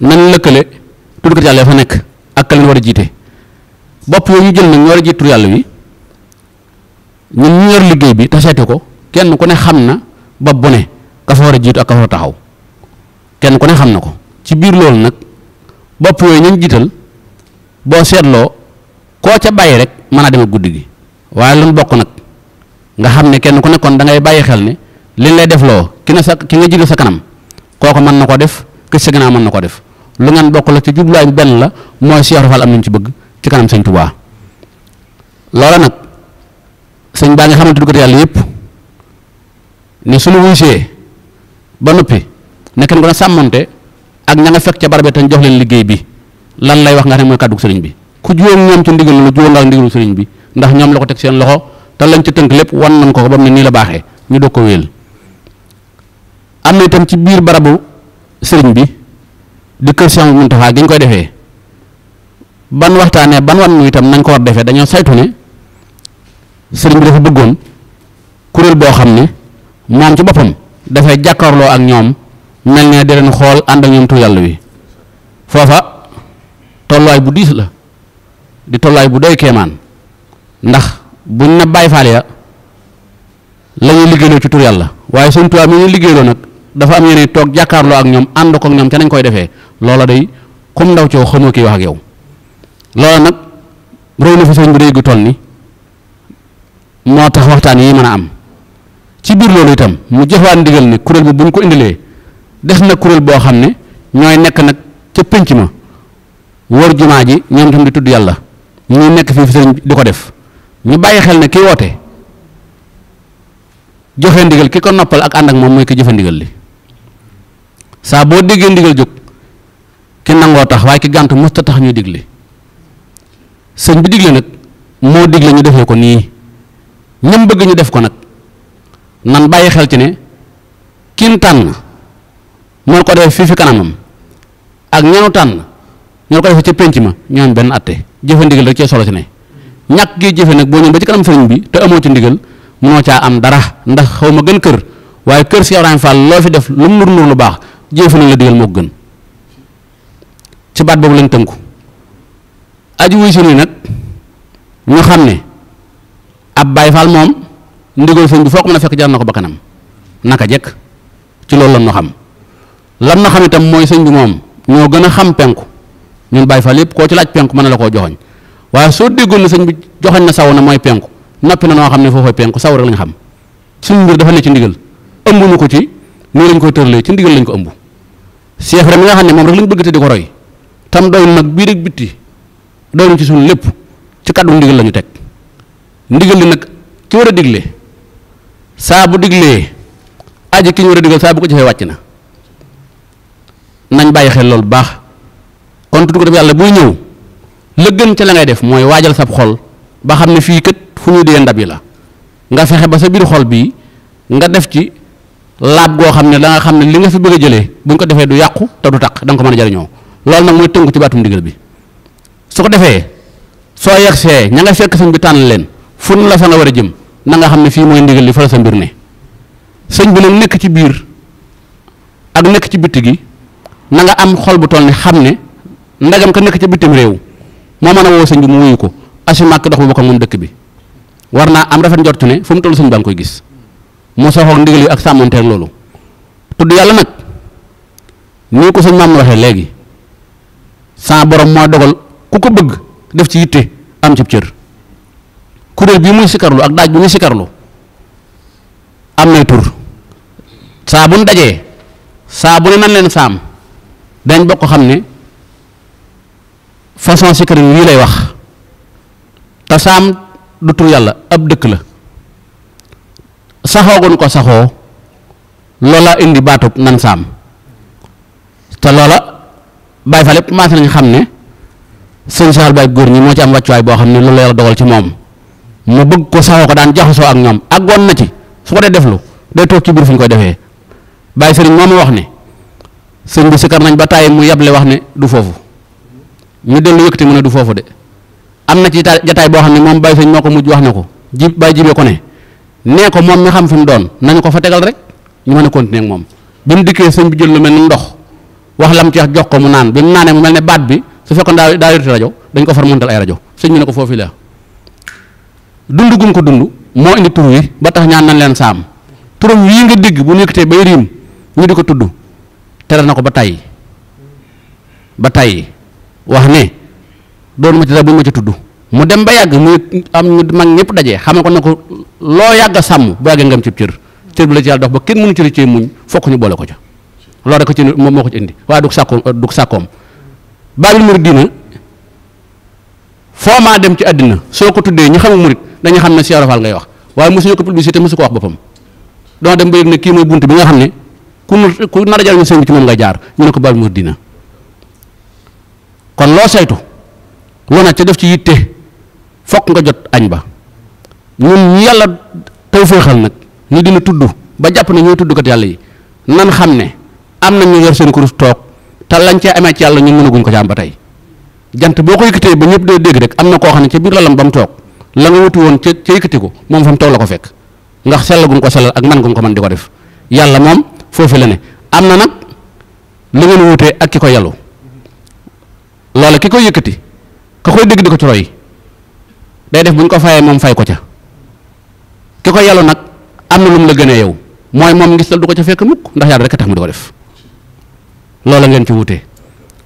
nañ lëkkale tur kër yàlla fa nekk ak ka leen war a jiite bopp yooyu ñu jël nag ñu war a jiit yàlla wi ñun ñu yor liggéey bi te seete ko. kenn ku ne xam na ba bu ne ka war a jiitu ak ka taxaw kenn ku ne xam na ko ci biir loolu nag bopp yooyu ñu jiital boo seetloo koo ca bàyyi rek mën a dem guddi gi waaye lu bokk nag nga xam ne kenn ku ne kon da ngay bàyyi xel ne liñ lay def loo ki na sa ki nga jiital sa kanam kooku mën na ko def kër sa gannaaw mën na ko def lu ngeen bokk la ci jubluwaay benn la mooy Cheikh Fall am nañu ci bëgg ci kanam sëñ Touba loola nag sëñ baa nga xamante du ko yàlla yëpp ne suñu wuysee ba noppi nekk na ko sàmmonte ak ña nga fekk ca barab tañ jox leen liggéey bi lan lay wax nga xam ne mooy kàddu sëriñ bi ku juwoon ñoom ci ndigal lu juwoon daal ndigalu sëriñ bi ndax ñoom la ko teg seen loxo te lañ ci tënk lépp wan nañ ko ko ba mu ne nii la baaxee ñu doog ko wéel am na itam ci biir barabu sëriñ bi di kër Cheikh Mountakha gi ñu koy defee ban waxtaanee ban wan mu itam nañ ko war defee dañoo saytu ne sëriñ bi dafa bëggoon kuréel boo xam ne. moom ci boppam dafay jàkkaarloo ak ñoom mel ne di xool ànd ak ñoom tur yàlla wi foofa tolluwaay bu diis la di tolluwaay bu doy kemaan ndax buñ na bàyyi faale ya la ñuy liggéeyloo ci tur yàlla waaye suñ tubaab mi ñuy liggéeyloo nag dafa am yeneen toog jàkkaarloo ak ñoom ànd ko ak ñoom te koy defee loola day comme ndaw coow xamoo kii wax ak yow loola nag réew na fi sëñ bi réy gu toll ni moo tax waxtaan yi mën a am ci biir loolu itam mu joxwaat ndigal ne kuréel bi ñu ko indilee des na kuréel boo xam ne ñooy nekk nag ca pénc ma wër jumaa ji ñoom itam di tudd yàlla ñuy nekk fii fi sëriñ di ko def ñu bàyyi xel ne ki woote joxe ndigal ki ko noppal ak ànd ak moom mooy ki jëfe ndigal li saa boo déggee ndigal jóg ki nangoo tax waaye ki gàntu musta tax ñuy digle sëñ bi digle nag moo digle ñu defee ko nii ñam bëgg ñu def ko nag nan bàyyi xel ci ne kim tànn moo ko def fii fi kanamam ak ñenu tànn ñoo ko def ci pénc ma ñoom benn atte jëfe ndigal rek cee solo ci ne ñàkk gi jëfe nag boo ñëw ba ci kanam sëriñ bi te amoo ci ndigal mënoo caa am dara ndax xaw ma gën kër waaye kër si Ibrahima Fall loo fi def lu mu nur nur lu baax jëfe nañ la digal moo gën ci baat boobu lañ tënku aji wuy si nii nag ñu xam ne ab Baay Faal moom ndigal sëñ bi foo ko mën a fekk jaar na ko bakkanam naka jekk ci loolu lan noo xam lan na xam itam mooy sëñ bi moom ñoo gën a xam penku ñun bàyyi fa lépp koo ci laaj penku mën na la koo joxoñ waaye soo déggoon ne sëñ bi joxoñ na saw na mooy penku noppi na noo xam ne foofooy penku saw rek la ñu xam suñu mbir dafa ne ci ndigal ëmbuñu ko ci nii lañ koy tërlee ci ndigal lañ ko ëmb Cheikh Ibrahima mi nga xam ne moom rek lañ bëgg te di ko roy tam doy nag bii rek bitti doy ci suñu lépp ci kàddu ndigal la teg ndigal li nag ki war saa bu diglee aji ki ñu war a digal saa bu ko jëfee wàcc na nañ bàyyi xel loolu baax kon tudd ko def yàlla buy ñëw la gën ca la ngay def mooy waajal sab xol ba xam ne fii kat fu ñuy dee ndab yi la nga fexe ba sa biir xol bii nga def ci laab goo xam ne da xam ne li nga fi bëgg a jëlee bu ko defee du yàqu te du taq danga ko mën a jariñoo loolu nag mooy tënku ci baatum digal bi su ko defee soo yegsee ña nga fekk sëñ bi tànn leen fu nu la fa war a jëm nanga xam ne fii mooy ndigal li fa la sa mbir ne sëñ bi nag nekk ci biir ak nekk ci bitti gi na nga am xol bu toll ni xam ne ndagam ka nekk ca bittim réew moo mën a woo sëñ bi mu wuyu ko asimaak dox bu bokk moom dëkk bi war naa am rafet njortu ne fu mu toll sëñ baa nga koy gis moo soxoog ndigal yi ak sàmmonteeg loolu tudd yàlla nag nii ko sëñ maam waxee léegi sa borom moo dogal ku ko bëgg def ci yitte am ci cër kuréel bii muy sikarlu ak daaj bi muy sikarlu am nay tur saa dajee saa bu ne nan leen saam dañ bokk xam ne façon sikarin wii lay wax te saam du tur yàlla ab dëkk la saxoo gun ko saxoo loola indi baatub nan saam te loola bàyyi fa lépp maas nañu xam ne seen saxal baay góor ñi moo ci am wàccuwaay boo xam ne loolu la yàlla dogal ci moom mu bëgg ko saxoo ko daan jaxasoo ak ñoom àggoon na ci su ko dee deflu day toog ci biir fu ñu koy defee bàyyi sëriñ moom wax ne sëñ bi sikar nañ ba tàyyi mu yable wax ne du foofu ñu dellu yëkkati mu ne du foofu de am na ci jataay boo xam ne moom bàyyi sëñ moo ko mujj wax ne ko ji bàyyi jibee ko ne nee ko moom mi xam fi mu doon nañu ko fa tegal rek ñu mën a continuer moom bu mu dikkee sëñ bi jël lu mel ni ndox wax lam ci wax jox ko mu naan bi mu naanee ne baat bi su fekkoon daa daa rajo dañ ko far montal ay rajo sëñ ne ko foofu la dund gum ko dund moo indi tur wi ba tax ñaan nañ leen saam turam yii nga dégg bu nekkatee bay riim ñu di ko tudd tere na ko ba tàyyi ba tàyyi wax ne doon ma ci dara bu ma tudd mu dem ba yàgg mu am ñu mag ñëpp daje xamal ko ne ko loo yàgg sàmm bu yàggee ngam cib cër cër bi la ci yàlla dox ba kenn mënu ci rëccee muñ ñu boole ko ca loolu rek ko ci moom moo ko ci indi waaye dug sàkkoom dug sàkkoom baabil murid diina foo maa dem ci àddina soo ko tuddee ñu xamul murid dañu xam ne Cheikh Ibra ngay wax waaye mosuñu ko publicité mosu ko wax boppam doo dem ba yëg ne kii mooy bunt bi nga xam ne ku ku nar a jël ñu sëñ bi ci moom nga jaar ñu ne ko bal dina kon loo saytu loo na ca def ci yitte fokk nga jot añ ba ñun ñu yàlla taw nag ñu dina tudd ba jàpp ne ñooy tuddkat yàlla yi nan xam ne am na ñu yor seen kurus toog te lañ cee amee ci yàlla ñun mënaguñ ko ci ba tey jant boo ko yëkkatee ba ñëpp dee dégg rek am na koo xam ne ca biir lalam ba mu la nga wuti woon ca yëkkati ko moom fa mu toog la ko fekk ndax sellal gu ko sellal ak man gu mu ko man di ko def yàlla moom foofu la ne am na nag lu ngeen wutee ak ki ko yàllu loola ki koy yëkkati ka koy dégg ko ci day def bu ko fayee moom fay ko ca ki ko nag am na lu mu la gënee yow mooy moom ngistal du ko ca fekk mukk ndax yàlla rek a tax mu di ko def loola ngeen ci wutee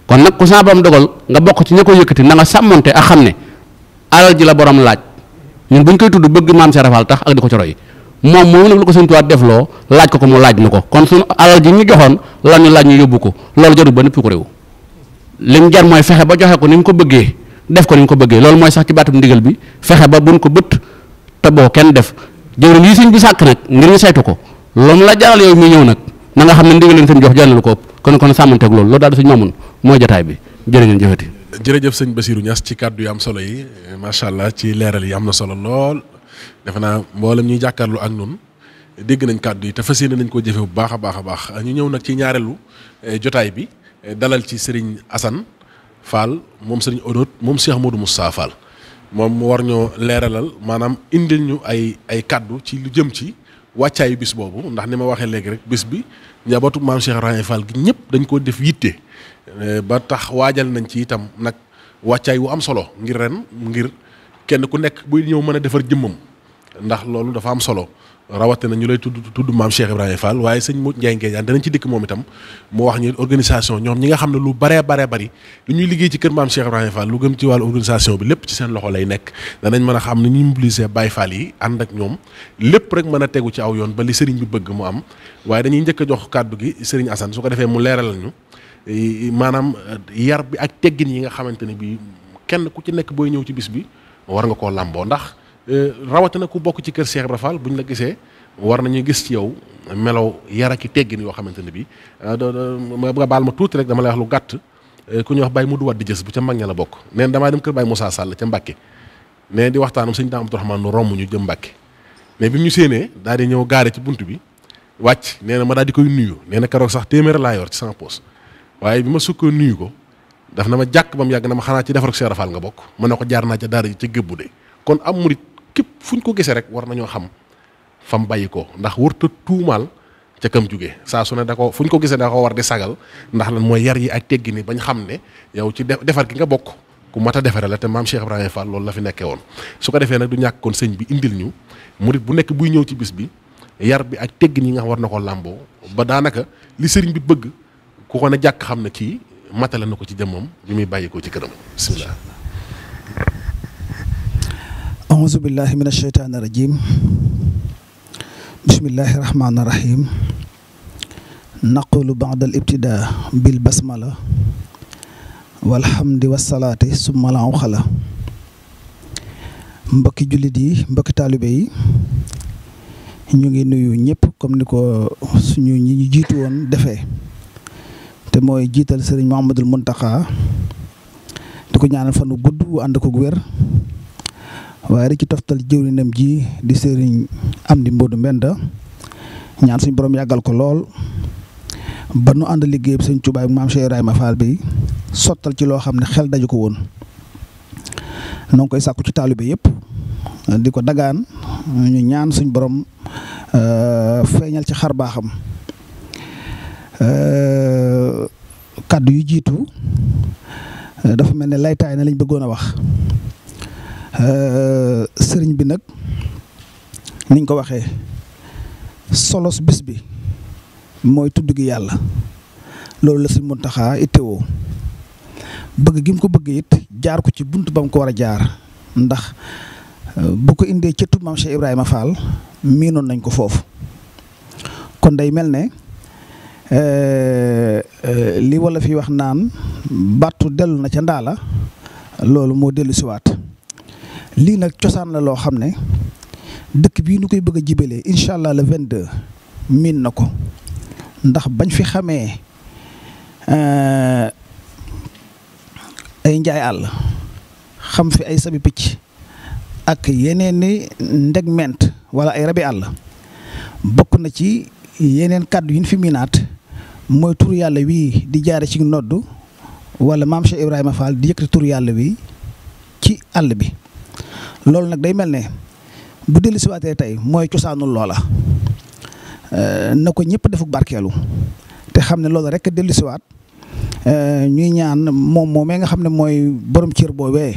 kon nag ku saabam borom dogal nga bokk ci ña ko yëkkati na nga sàmmonte ak xam ne alal ji la borom laaj ñun bu ñu koy tudd bëgg maam a Fall tax ak di ko ci roy moom moom nag lu ko sëñ Tuubaa defloo laaj ko ko mu laaj nu ko kon suñu alal ji ñu joxoon la ñu laaj ñu yóbbu ko loolu jarul ba nëpp ko réew li mu mooy fexe ba joxe ko ni mu ko bëggee def ko ni ko bëggee loolu mooy sax ci baatum ndigal bi fexe ba buñ ko bëtt te boo kenn def jëwriñ yi sëñ bi sàkk nag ngir ñu saytu ko loolu la jaral yow mi ñëw nag na nga xam ne ndigal leen sëñ jox jënd lu ko ëpp kon kon sàmmanteeg loolu loolu daal di suñu mamun mooy jotaay bi jërë ngeen jëfati jërëjëf sëñ Basirou Niass ci kàddu yu am solo yi macha allah ci leeral yi am na solo lool defe naa mboolem ñuy jàkkaarloo ak noonu dégg nañ kàddu yi te fas yéene dañ koo jëfe bu baax a baax a baax ñu ñëw nag ci ñaareelu eh, jotaay bi eh, dalal ci sëriñ Assane Fall moom sëriñ Odoot moom Cheikh Modou Moussa Fall moom mu war ñoo leeralal maanaam indil ñu ay ay kàddu ci lu jëm ci wàccaayu bis boobu ndax ni ma waxee léegi rek bis bi njabootu maam Cheikh Rahane Fall gi ñëpp dañ ko def yitte Eh, ba tax waajal nañ ci itam nag wàccaay wu am solo ngir ren ngir kenn ku nekk buy ñëw mën a defar jëmmam ndax loolu dafa am solo rawatina ñu lay tudd tudd maam Cheikh Ibrahima Fall waaye sëñ Modou Ndiaye Ngédiane danañ ci dikk moom itam mu wax ñu organisation ñoom ñi nga xam ne lu baree baree bari lu ñuy liggéey ci kër maam Cheikh Ibrahima Fall lu gëm ci wàllu organisation bi lépp ci seen loxo lay nekk danañ mën a xam ne ñuy mobiliser Baye Fall yi ànd ak ñoom lé rek mën a tegu ci aw yoon ba li sëriñ bi bëgg mu am waaye dañuy njëkk a jox kàddu gi su ko defee mu leeralal ñu Eh, maanaam eh, yar bi ak teggin yi nga xamante ne bi kenn ku ci nekk booy ñëw ci bis bi war nga koo làmboo ndax eh, rawatina ku bokk ci kër Cheikh rafal bu ñu la gisee war nañu gis ci yow melaw yar ak teggin yoo xamante ne bi nga baal ma tuuti rek dama lay wax lu gàtt ku ñuy wax Baye Modou Wade jës bu ca mag ña la bokk neen damaa dem kër Baye Moussa Sall ca Mbàkke neen di waxtaanam sëñ Daam Abdourahmane nu romb ñu jëm Mbàkke mais bi mu ñu séenee daal di ñëw gaare ci bunt bi wàcc nee na ma daal di koy nuyu nee na keroog sax téeméer laa yor ci sama poos waaye bi ma sukka nuyu ko daf na ma jàkk ba mu yàgg na ma xanaa ci defaru Cheikh faal nga bokk ma ne ko jaar naa ca daara ji ca gëbbu de kon am murit képp fu ñu ko gisee rek war nañoo xam fa bàyyi ko ndax warta tuumaal ca kam jugee saa su ne da ko fu ñu ko gisee da war di sagal ndax lan mooy yar yi ak teggi bañ xam ne yow ci defar gi nga bokk ku mat a defaree la te maam Cheikh Ibrahima Fall loolu la fi nekkee woon su ko defee nag du ñàkk kon sëñ bi indil ñu murit bu nekk buy ñëw ci bis bi yar bi ak teggin yi nga xam war na ko làmboo ba daanaka li sëriñ bi bëgg ku ko ne jàkk xam na kii matale na ko ci jëmmam bi muy bàyyi ko ci këram bisimilah auzu billahi min asheytaani rajim bismillahi rahmaani rahim naqulu baada al ibtidaa bil basmala walhamdi wasalaati xala mbokki jullit yi mbokki taalibe yi ñu ngi nuyu ñëpp comme ni ko suñu ñi ñu jiitu woon defee te mooy jiital sëriñ Mouhamadul Mountakha di ko ñaanal fanu gudd wu ànd ko wér waaye rek ci toftal jëwriñam ji di sëriñ Amdi Mbodou Mbenda ñaan suñ borom yàggal ko lool ba nu ànd liggéey bi sëñ Tuubaa ak maam Cheikh Ibrahima Fall bi sottal ci loo xam ne xel daju ko woon noo koy sàkku ci taalibe yëpp di ko dagaan ñu ñaan suñ boroom euh, feeñal ci xar baaxam Euh, kàddu yu jiitu euh, dafa mel ni laytaay na lañ bëggoon a wax euh, sëriñ bi nag niñ ko waxee solos bis bi mooy tudd gi yàlla loolu la sëriñ Muntaxa itteewoo bëgg gi mu ko bëgg it jaar ko ci bunt ba mu ko war a jaar ndax bu ko indee ca tub maam Cheikh Ibrahima Fall miinoon nañ ko foofu kon day mel ne Eh, eh, li wala fi wax naan bàttu dellu na ca ndaa la loolu moo dellu siwaat lii nag cosaan la loo xam ne dëkk bii nu koy bëgg a jibalee incha allah le 22 miin na ko ndax bañ fi xamee eh, ay njaay àll xam fi ay sabi picc ak yeneen i ndegment wala ay rabi àll bokk na ci yeneen kàddu yi ñu fi miinaat. mooy tur yàlla wii di jaare ci nodd wala maam Cheikh Ibrahima Fall di yëkkati tur yàlla wii ci àll bi loolu nag day mel ne bu dellu siwaatee tey mooy cosaanul loola na ko ñëpp defuk barkeelu te xam ne loolu rek dellusiwaat siwaat ñuy ñaan moom moomee nga xam ne mooy boroom cër boobee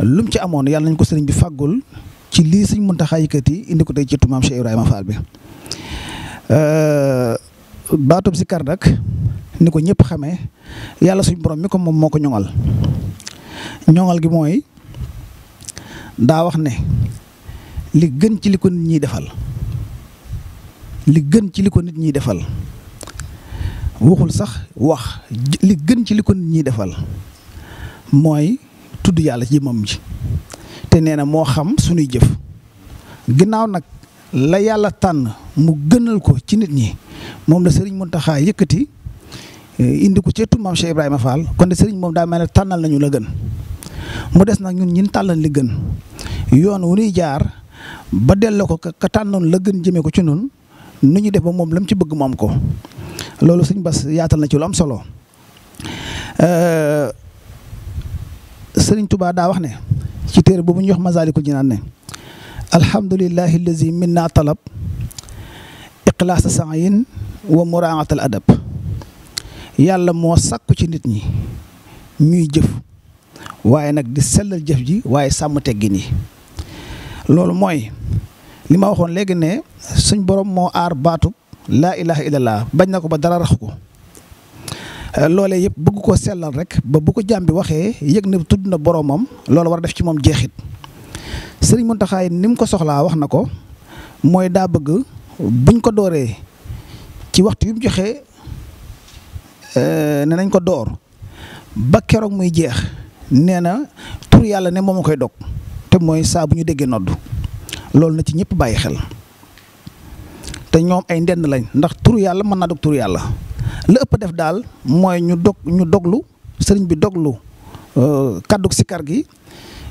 lum ci amoon yàlla nañ ko sëriñ bi fàggul ci lii sëñ Muntaxa yëkkati indi ko tey ci tu maam Cheikh Ibrahima Fall bi baatub sikar nag ni ko ñëpp xamee yàlla suñ boroom mi ko moom moo ko ñoŋal ñoŋal gi mooy daa wax ne li gën ci li ko nit ñiy defal li gën ci li nit ñiy defal waxul sax wax li gën ci li ko nit ñiy defal mooy tudd yàlla ci moom ji te nee na moo xam suñuy jëf ginnaaw nag la yàlla tànn mu gënal ko ci nit ñi moom la Serigne Mountakha yëkkati eh, indi ko ci maam Cheikh Ibrahima Fall kon de Serigne moom daa mel ne tànnal nañu la gën mu des nag ñun ñin tànnal li gën yoon wu ñuy jaar ba delloo ko ka tànnoon la gën jëmee ko ci nun nu ñu def ba moom lam ci bëgg mu am ko loolu Serigne bas yaatal na ci lu am solo eh, sëriñ Touba daa wax ne ci téere boobu ñuy wax ko Jinaan ne alhamdulillahi allazi minna talab ixlaasa saayin wa muraatal adab yàlla moo sàkku ci nit ñi ñuy jëf waaye nag di sellal jëf ji waaye sàmm teggin yi loolu mooy li ma waxoon léegi ne suñ borom moo aar baatu laa ilaha illallah bañ na ko ba dara raxu ko eh, loolee yëpp bëgg ko sellal rek ba bu ko bi waxee yëg na tudd na boromam loolu war a def ci moom jeexit sëriñ Mountakha taxaay ni mu ko soxlaa wax na ko mooy daa bëgg buñ ko dooree ci waxtu yu mu joxe euh, ne nañ ko door ba keroog muy jeex nee na tur yàlla ne moom a koy dog te mooy saa bu ñu déggee nodd loolu na ci ñëpp bàyyi xel te ñoom ay ndend lañ ndax tur yàlla mën naa dog tur yàlla la ëpp def daal mooy ñu dog ñu doglu sëriñ bi doglu si euh, sikar gi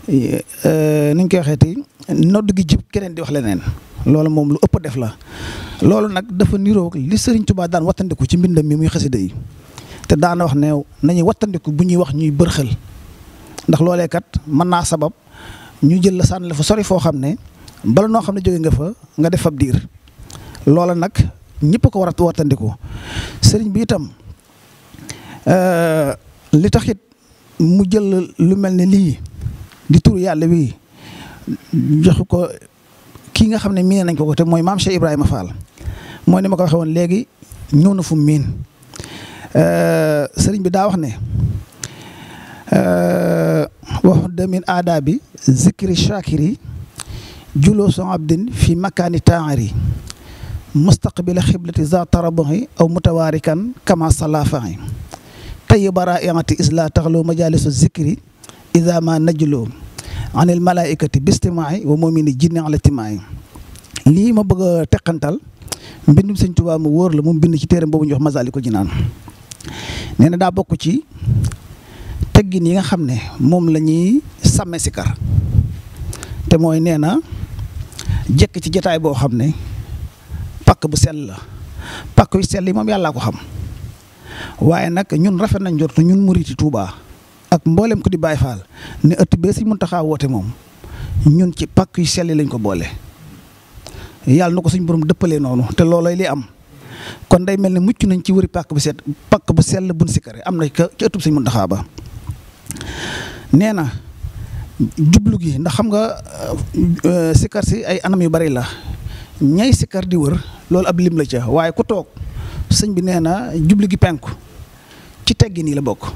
Euh, ni ñu koy waxeeti nodd gi jib keneen di wax leneen loolu moom lu ëpp def la loolu nag dafa niroog li sëriñ Touba daan wattandiku ci mbindam mi muy xasida yi te daana wax ne nañuy wattandiku bu ñuy wax ñuy bërxël ndax loole kat mën naa sabab ñu jël la sànni la sori foo xam ne bala noo xam ne jóge nga fa nga def ab diir loola nag ñëpp ko war a wattandiku sëriñ bi itam euh, li taxit mu jël lu mel ne lii di tur yàlla wi jox ko kii nga xam ne miin nañ ko ko te mooy maam Cheikh Ibrahima Fall mooy ni ma ko waxee woon léegi ñëw na fu miin sëriñ bi daa wax ne waxu damin aada bi zikri shakiri juloo son abdin fi makaani taari mustaqbila xiblati za taraboxi aw mutawaarikan kama salafaxi tey bara la isla taxloo majalisu zikri ida ma najlu an il malaikati bistimaay wa moomini jinni ala timaay lii ma bëgg teqantal mbindum sëñ Tuubaa mu wóor la mu bind ci téeram boobu ñu wax Masaalikul Jinaan nee na daa bokk ci teggin yi nga xam ne moom la ñuy sàmme sikar te mooy nee na jekk ci jataay boo xam ne pàkk bu sell la pàkk bu sell yi moom yàllaa ko xam waaye nag ñun rafet nañ njort ñun muriti Tuubaa ak mbooleem ko di Baay Faal ne ëtt bee Sëñ Muntaxa woote moom ñun ci pàkk yu sell lañ ko boole yàlla na ko suñ borom dëppalee noonu te loolooy li am kon day mel ni mucc nañ ci wëri pàkk bu set pàkk bu sell buñ sikkare am na ca ëttub Sëñ Muntaxa ba nee na jublu gi ndax xam nga euh, euh, sikkar si ay anam yu bari la ñay sikkar di wër loolu ab lim la ca waaye ku toog sëñ bi nee na jublu gi penku ci teggin nii la bokk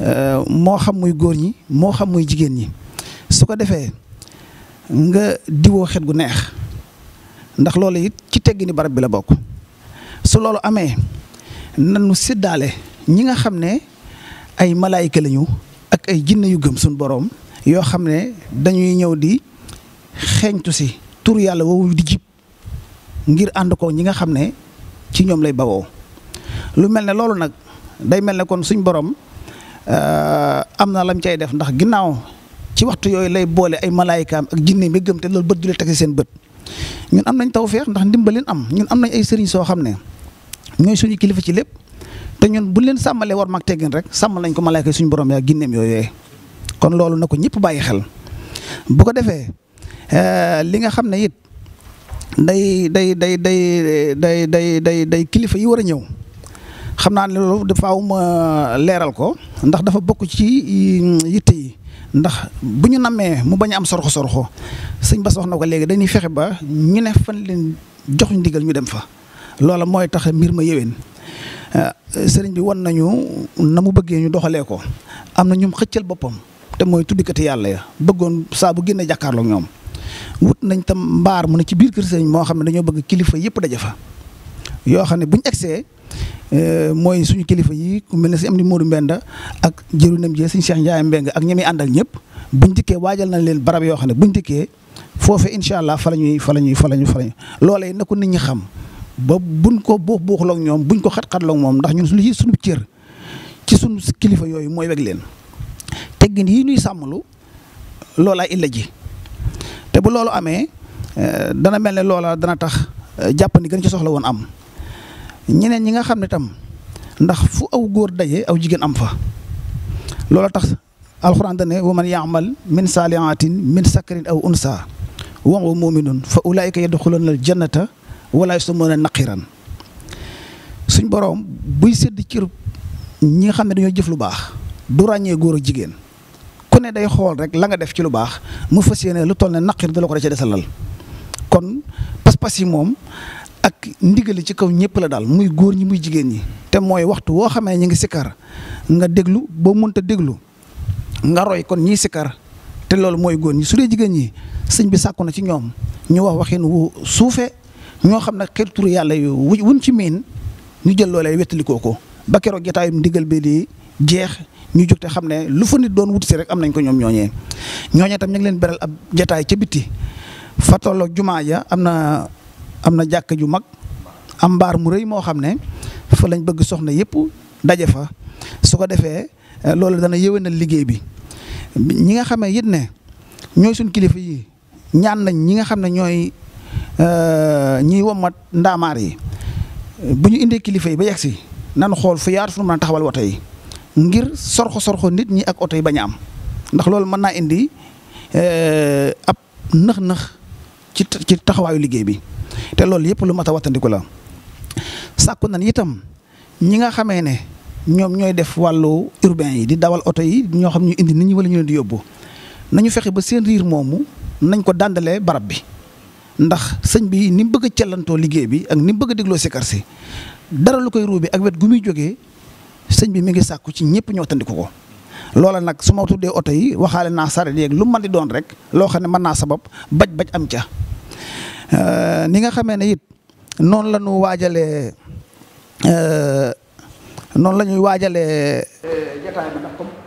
Euh, moo xam muy góor ñi moo xam muy jigéen ñi su ko defee nga diwoo xet gu neex ndax loolu it ci teggini barab bi la bokk su loolu amee nanu siddaale ñi nga xam ne ay malaayika lañu ak ay jinne yu gëm suñ boroom yoo xam ne dañuy ñëw di xeeñtu si tur yàlla woowu di jib ngir ànd ko ñi nga xam ne ci ñoom lay bawoo lu mel ne loolu nag day mel ne kon suñ borom Euh, am na lam cay def ndax ginnaaw ci waxtu yooyu lay boole ay malaayikaam ak jinne mi gëm te loolu bët du la teg seen bët ñun am nañ taw feex ndax ndimbalin am ñun am nañ ay sëriñ soo xam ne ñooy suñu kilifa ci lépp te ñun bu leen sàmmalee war mag teggin rek sàmmal lañ ko malaayka suñu borom yaa ginneem yooyee kon loolu na ko ñëpp bàyyi xel bu ko defee euh, li nga xam ne it day day day day day day day day kilifa yi war a ñëw xam naa ne loolu dafa ma leeral ko ndax dafa bokk ci yitte yi ndax bu ñu namee mu bañ am sorxo sorxo sëñ Bass wax na ko léegi dañuy fexe ba ñu ne fan leen jox ndigal ñu dem fa loola mooy tax mbir ma yéwén euh, sëriñ bi wan nañu na mu bëggee ñu doxalee ko am na ñoom xëccal boppam te mooy tuddikati yàlla ya bëggoon saa bu génnee jàkkaarloog ñoom wut nañ tam mbaar mu ne ci biir kër sëriñ moo xam ne dañoo bëgg kilifa yëpp daje fa yoo xam ne buñ egsee Euh, mooy suñu kilifa yi ku mel ne si am di Modou Mbenda ak jëriñam jee suñu Cheikh Ndiaye Mbengue ak ñi muy àndal ñëpp buñ dikkee waajal nañ leen barab yoo xam ne buñ dikkee foofee incha allah fa la ñuy fa la ñuy fa la ñuy fa la ñuy na ko xam ba buñ ko buux buuxloo ñoom buñ ko xat moom ndax ñun lu ci suñu cër ci suñu kilifa yooyu mooy weg leen teggin yi ñuy sàmmalu loolaa illa ji te bu loolu amee euh, dana mel ne loola dana tax euh, jàpp ni gën ci soxla woon am. ñeneen ñi nga xam ne tam ndax fu aw góor daje aw jigéen am fa loola tax alxuraan da ne wa man yaamal min saalihatin min sakarin aw unsa wa huwa muminun fa ulaayika yadxuluuna al jannata wala yasumuuna naqiran suñ boroom buy sédd cër ñi nga xam ne dañoo jëf lu baax du ràññee góor ak jigéen ku ne day xool rek la nga def ci lu baax mu fas yéene lu toll ne naqir da la ko da ca desalal kon pas-pas yi moom ak ndigali ci kaw ñëpp la daal muy góor ñi muy jigéen ñi te mooy waxtu woo xamee ñu ngi sikkar nga déglu boo mënta déglu nga roy kon ñiy sikkar te loolu mooy góor ñi su dee jigéen ñi sëñ bi sàkku na ci ñoom ñu wax waxin wu suufee ñoo xam ne xeetu yu wuñ ci miin ñu jël loolee wettalikoo ko ba keroog jotaayum ndigal bi di jeex ñu jóg te xam ne lu fa nit doon wut si rek am nañ ko ñoom ñooñee ñooñee tam ñu leen beral ab jotaay ca bitti fa jumaa ja am na am na jàkk ju mag am mbaar mu rëy moo xam ne fa lañ bëgg soxna yëpp daje fa su ko defee eh, loolu dana yéwénal liggéey bi ñi nga xamee it ne ñooy suñ kilifa yi ñaan nañ ñi nga xam ne ñooy eh, ñiy wommat ndaamaar yi bu ñu indee kilifa yi ba si nan xool fu yaatu fu nu mën a taxawal oto yi ngir sorxo sorxo nit ñi ak oto yi bañ a am ndax loolu mën naa indi eh, ab nëx-nëx ci ci taxawaayu liggéey bi te loolu yëpp lu mat a wattandiku la sàkku nan itam ñi nga xamee ne ñoom ñooy def wàllu urbain yi di dawal oto yi ñoo xam ñu indi nit ñi wala ñu leen di yóbbu nañu fexe ba seen riir moomu nañ ko dàndalee barab bi ndax sëñ bi ni mu bëgg a cellantoo liggéey bi ak ni mu bëgg a dégloo sikar si dara lu koy ruube ak wet gu muy jógee sëñ bi mi ngi sàkku ci ñëpp ñu wattandiku ko loola nag su ma tuddee oto yi waxaale naa saret yeeg lu mën di doon rek loo xam ne mën naa sabab baj baj am ca ni nga xamee ne it noonu la ñu waajalee euh, noonu la ñuy waajalee. Euh, jotaay bi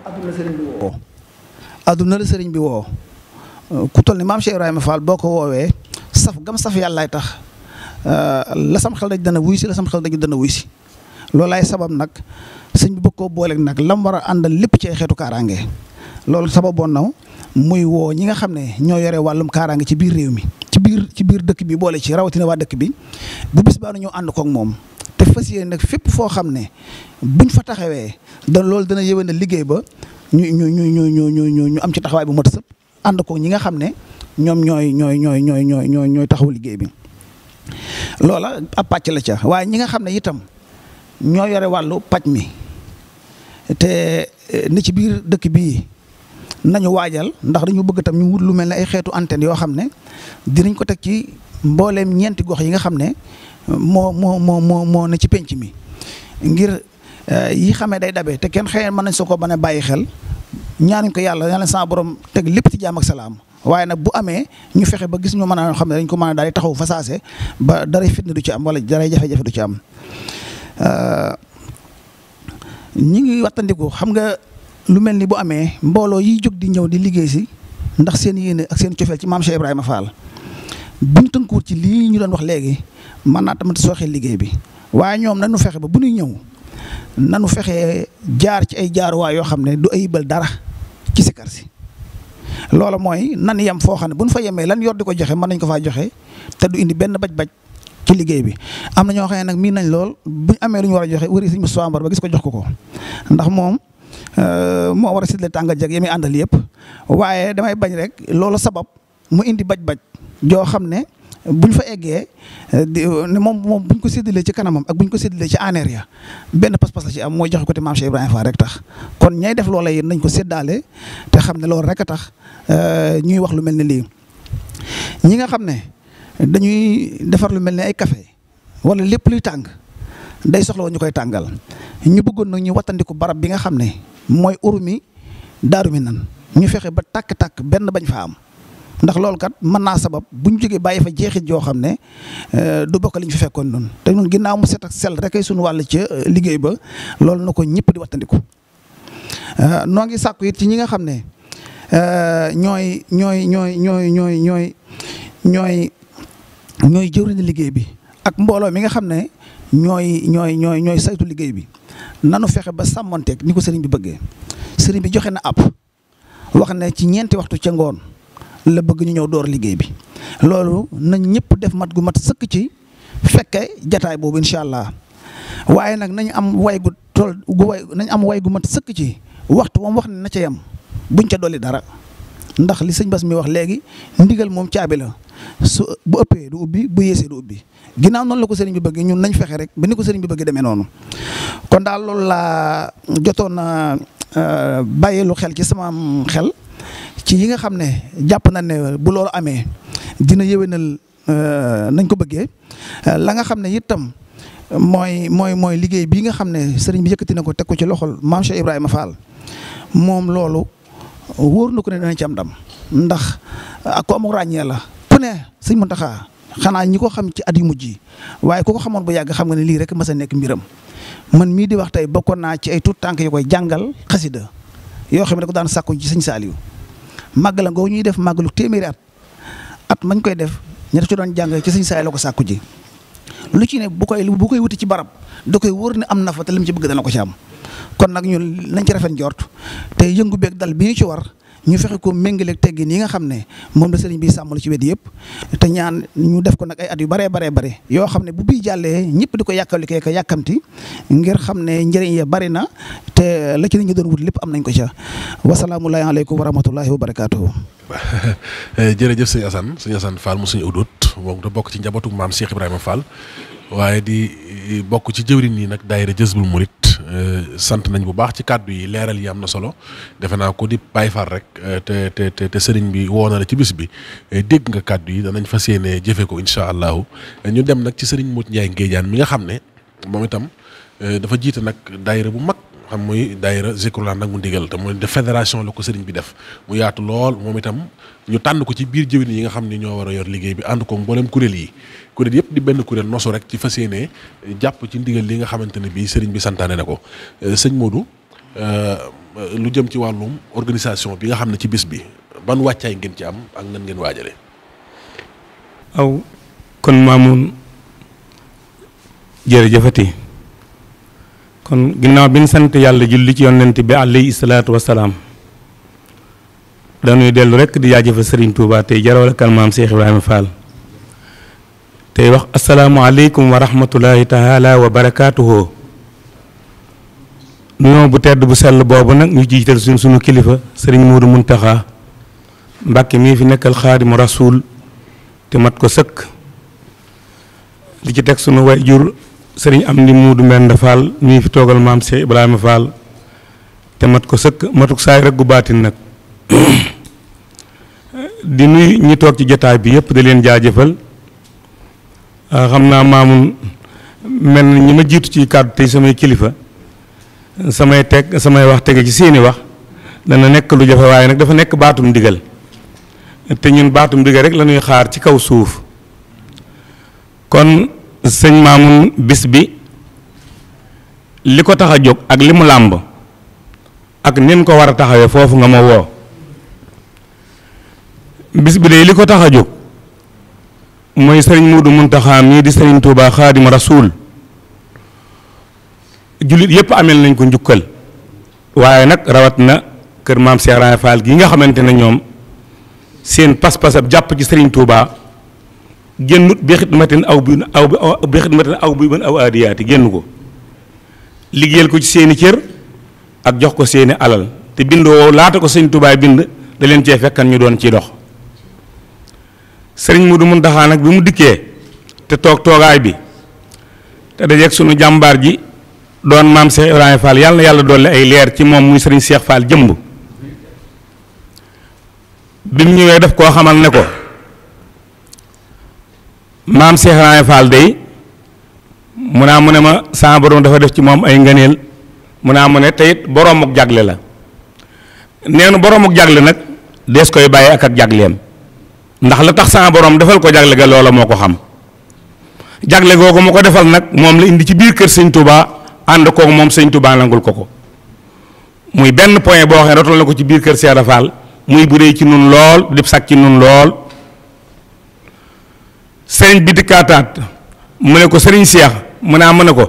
adduna sëriñ bi woo. la sëriñ bi woo ku toll ni maam Cheikh Ibrahima Fall boo ko woowee saf gam saf yàllaay tax euh, la sam xel daj dana wuy si la sam xel daj dana wuy si loolaay sabab nag sëñ bi bëgg koo booleeg nag lam war a àndal lépp ci xeetu kaaraange loolu sababoon na muy woo ñi nga xam ne ñoo yore wàllum kaaraange ci biir réew mi. ci biir dëkk bi boole ci rawatina waa dëkk bi bu bis baa ñu ànd koog moom te fas yéene nag fépp foo xam ne buñ fa taxawee da loolu dana yéwénal liggéey ba ñu ñu ñu ñu ñu ñu am ci taxawaay bu mat sëpp ànd koog ñi nga xam ne ñoom ñooy ñooy ñooy ñooy ñooy ñooy ñooy taxawu liggéey bi. loola ab pàcc la ca waaye ñi nga xam ne itam ñoo yore wàllu paj mi te eh, ni ci biir dëkk bii. nañu waajal ndax dañu bëgg tam ñu wut lu mel ni ay xeetu antenne yoo xam ne dinañ ko teg ci mbooleem ñeenti gox yi nga xam ne moo moo moo moo moo ne ci penc mi ngir eh, yi xamee day dabe te kenn xëy mën nañ soo ko ba ne bàyyi xel ñaanuñ ko yàlla ñaanal sa borom teg lépp ci jaam ak salaam waaye nag bu amee ñu fexe ba gis ñu mën a xam ne dañ ko mën a daal di taxaw fa saase ba dara fitna du ci am wala dara jafe-jafe du ci am eh, ñi ngi wattandiku xam nga. lu mel ni bu amee mbooloo yiy jóg di ñëw di liggéey si ndax seen yéene ak seen cofeel ci maam Cheikh Ibrahima Fall buñ tënkuwut ci lii ñu doon wax léegi mën naa tamit sooxee liggéey bi waaye ñoom nañu fexe ba bu ñuy ñëw nanu fexe jaar ci ay jaaruwaay yoo xam ne du ayibal dara ci sikar si mooy nan yem foo xam ne bu fa yemee lan yor di ko joxe man nañ ko faa joxe te du indi benn baj-baj ci liggéey bi am na ñoo xam nag mii nañ lool buñ amee lu ñu war a joxe wëri Sëñ Moustapha Mbar ba gis ko jox ko ko ndax moom Euh, moo war a séddale tànga jeg yami àndal yëpp waaye damay bañ rek loolu sabab mu indi baj-baj joo xam ne bu fa eggee euh, ne moom moom bu ñu ko séddalee ci kanamam ak buñ ñu ko séddalee ci aneer ya benn pas-pas la ci am mooy joxe côté maam Cheikh Ibrahima Fall rek tax kon ñay def loola yéen nañ ko séddaale te xam ne loolu rek a tax euh, ñuy wax lu mel ne lii ñi nga xam ne dañuy defar lu mel ne ay kafe wala lépp luy tàng day soxla woon ñu koy tàngal ñu buggoon nag ñu wattandiku barab bi nga xam ne mooy urmi daaru mi nan ñu fexe ba tàkk-tàkk benn bañ fa am ndax loolu kat mën naa sabab bu ñu jógee bàyyi fa jeexit joo xam ne euh, du bokk li ñu fi fekkoon noonu te ñun ginnaaw mu set ak sel rek ay sunu wàll ca euh, liggéey ba loolu na ko ñëpp di wattandiku. Euh, noo ngi sàkku it ci ñi nga xam ne ñooy ñooy ñooy ñooy ñooy ñooy ñooy ñooy jëwriñu liggéey bi ak mbooloo mi nga xam ne. ñooy ñooy ñooy ñooy saytu liggéey bi nanu fexe ba sàmmonteeg ni ko sëriñ bi bëggee sëriñ bi joxe na ab wax na ci ñeenti waxtu ca ngoon la bëgg ñu ñëw door liggéey bi loolu nañ ñëpp def mat gu mat sëkk ci fekke jataay boobu incha allah waaye nag nañu am way gu tool gu way nañ am way gu mat sëkk ci waxtu moom wax ne na ca yem buñ ca dolli dara ndax li sëñ Bass mi wax léegi ndigal moom caabi la su bu ëppee du ubbi bu yéesee du ubbi ginnaaw noonu la ko sëriñ bi bëggee ñun nañ fexe rek ba ni ko sëriñ bi bëgg demee noonu kon daal loolu laa jotoon na euh, bàyyi xel ci sama xel ci yi nga xam ne jàpp na ne bu loolu amee dina yéwénal euh, nañ ko bëggee la nga xam ne itam mooy mooy mooy liggéey bii nga xam ne sëriñ bi yëkkati na ko teg ko ci loxol maam Cheikh Ibrahima Fall moom loolu wóor na ko ne dana ci am ndam ndax ak ko amul ràññee la. ne sëñ Mountakha xanaa ñi ko xam ci at yu mujj yi waaye ku ko xamoon bu yàgg xam nga ne lii rek mas a nekk mbiram man mii di wax tey bokkoon naa ci ay tuut tànk yu koy jàngal xasida yoo xam ne da ko daan sàkku ci sëñ Saliou màggal ngoo ñuy def màggalu téeméeri at at mañ koy def ña def ci doon jàng ci sëñ Saliou la ko sàkku ji lu ci ne bu koy bu koy wuti ci barab da koy wóor ne am na fa te li mu ci bëgg dana ko ci am kon nag ñun nañ ci rafet njort te yëngu beeg bi ñu ci ñu fexe ko méngaleeg teggin yi nga xam ne moom la sëriñ bi sàmm la ci wet yëpp te ñaan ñu def ko nag ay at yu baree baree bare yoo xam ne bu bii jàllee ñëpp di ko yàkkalikee ko yàkkamti ngir xam ne njëriñ ya bari na te la ci la doon wut lépp am nañ ko ca wasalaamualeykum wa rahmatullahi wa barakaatuhu. jërëjëf sëñ Assane sëñ Assane Fall mu sëñ Udoot moom da bokk ci njabootu maam Cheikh Ibrahima Fall waaye di bokk ci jëwriñ yi nag daayira Jazbul Murid Euh, sant nañ bu baax ci kàddu yi leeral yi am na solo defe naa ko di Baay Faal rek euh, te te te sëriñ bi woo na la ci bis bi euh, dégg nga kàddu yi danañ fa yéene jëfe ko incha allahu ñu dem nag ci sëriñ Modou Ndiaye Ngéejaan mi nga xam ne moom itam dafa jiite nag daayira bu mag. tam muy daayira Zikrulaan nag mu ndigal te muy def fédération la ko sëriñ bi def mu yaatu lool moom itam ñu tànn ko ci biir jëwin yi nga xam ne ñoo war a yor liggéey bi ànd ko mboolem kuréel yi kuréel yëpp di benn kuréel nosu rek ci fas yéene jàpp ci ndigal li nga xamante ne bii sëriñ bi santaane na ko euh, sëñ Modou euh, lu jëm ci wàllum organisation bi nga xam ne ci bis bi ban wàccaay ngeen ci am ak nan ngeen waajale aw kon maamoon jërëjëfati kon ginnaaw bi ñu sant yàlla julli ci yonent bi alayhi salaatu wasalaam danuy dellu rek di jaajëfal Serigne Touba tey jarawal kan maam Cheikh Ibrahima Fall tey wax asalaamualeykum wa rahmatulahi taala wa barakaatuhu nuyoo bu tedd bu sell boobu nag ñu jiital suñ suñu kilifa Serigne Mourou Mountakha Mbàkke mii fi nekkal xaadimu rasuul te mat ko sëkk li ci teg sunu way jur sëriñ am di Muudu Mbend Fall mii fi toogal maam Cheikh Ibrahima Fall te mat ko sëkk matuk saay rek gu baatin nag di nuyu ñi toog ci jotaay bi yëpp da leen jaa jëfal ah, xam naa maamun mel na ñi ma jiitu ci kàddu te samay kilifa samay teg samay wax tege ci seeni wax dana nekk lu jafe nag dafa nekk baatum ndigal te ñun baatum ndigal rek la xaar ci kaw suuf kon sëñ Maamun bis bi li ko tax a jóg ak li mu làmb ak nin ko war a taxawee foofu nga ma woo bis bi de li ko tax a jóg mooy sëriñ Muudu Muntaxa mii di sëriñ Tuubaa Xaadimu Rasuul jullit yépp amel nañ ko njukkal waaye nag rawat na kër maam Cheikh Ibra gi nga xamante ne ñoom seen pas-pas ab jàpp ci sëriñ Tuubaa génnut bi xidmatin aw bi aw bi xidmatin aw bi aw aadiyaati génn ko liggéeyal ko ci seeni cër ak jox ko seeni alal te bindoo woow laata ko sëñ tubaay bind da leen cee fekkan ñu doon ci dox sëriñ mu Muntaxaa nag bi mu dikkee te toog toogaay bi te dajeeg sunu jàmbaar ji doon maam Cheikh Ibrahima Fall yàlla na yàlla dolli ay leer ci moom muy sëriñ Cheikh Fall jëmb bi mu ñëwee def koo xamal ne ko maam Cheikh Ibra Fall day mu naa mu ne ma sama borom dafa def ci moom ay ngëneel mu naa mu ne teyit boroomu jagle la neenu boromuk jagle nag dees koy bàyyi ak ak jagleem ndax la tax sama boroom defal ko jagle ga loola moo ko xam jagle googu mu ko defal nag moom la indi ci biir kër sëñ Touba ànd koog moom sëñ Touba nangul ko ko muy benn point boo xam ne rotal na ko ci biir kër Cheikh Ibra muy bu ci nun lool dib sag ci nun lool sëriñ bi dikkaataat mu ne ko sëriñ Seex mu naa ah, mën ne ko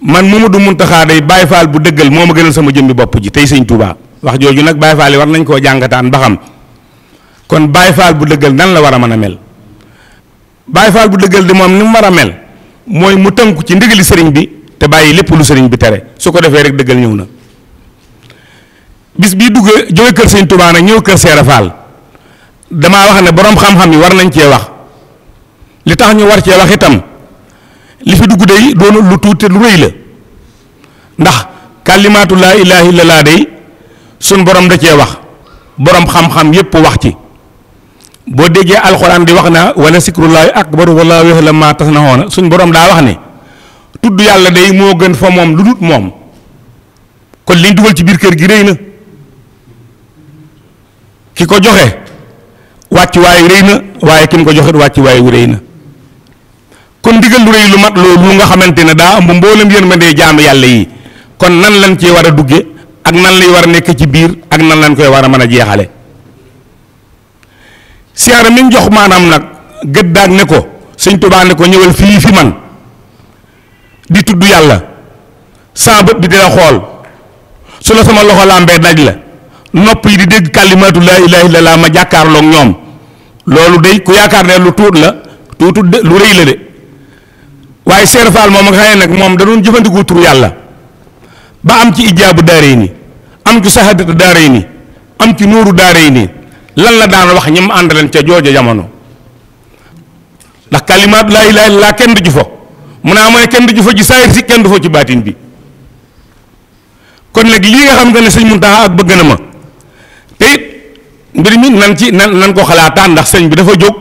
man Mamadu Muntaxaa day Baay Faal bu dëggal moo ma gënal sama jëmbi bopp ji tey sëñ Tuubaa wax jooju nag Baay Faal yi war nañ koo jàngataan ba xam kon Baay Faal bu dëggal nan la war a mën a mel Baay Faal bu dëggal di moom ni mu war a mel mooy mu tënku ci ndigali sëriñ bi te bàyyi lépp lu sëriñ bi tere su ko defee rek dëggal ñëw na bis bii dugg jóge kër sëñ Tuubaa nag ñëw kër Seera Faal damaa wax ne borom xam yi war nañ cee wax. li tax ñu war cee wax itam li fi dugg day doonu lu tuuti lu rëy la ndax kàllimaatu laa la laa day suñ borom da cee wax boroom xam-xam yépp wax ci boo déggee alxuraan di wax na wala sikrullaahi akbaru wallaahu ya'lamu na tasnahoona suñ boroom daa wax ne tudd yàlla day moo gën fa moom lu dut moom kon liñ dugal ci biir kër gi réy na ki ko joxe wàcc waayu rëy na waaye ki ko joxit wàcc waayu rëy na kon ndigal lu rëy lu mat loolu nga xamante ne daa ëmb ma yërmandee jaamu yàlla yi kon nan lañ cee war a dugge ak nan lay war a nekk ci biir ak nan lañ koy war a mën a jeexale siyaara mi jox maanaam nag gëddaag ne ko sëñ Tuubaa ne ko ñëwal fii fi man di tudd yàlla saa bët bi dina xool su la sama loxo làmbee daj la nopp yi di dégg kàllimaatu laa ilaaha illallaah ma jàkkaarlook ñoom loolu day ku yaakaar ne lu tuut la tuutu de lu rëy la de waaye Cheikh Fall moom nga xam ne nag moom da doon jëfandikoo tur yàlla ba am ci ijaabu daaree ni am ci saxaadatu yi nii am ci nooru yi ni lan la daan wax ñi mu àndaleen ca jooja jamono ndax kalimaat laa ilaaha kenn du ci fo mu naa ah, mooy kenn du ci fo ci saayir si kenn du fo ci baatin bi kon nag lii nga xam nga ne sëñ Muntaxa ak bëgg na ma te mbir mi nan ci nan nan ko xalaataan ndax sëñ bi dafa jóg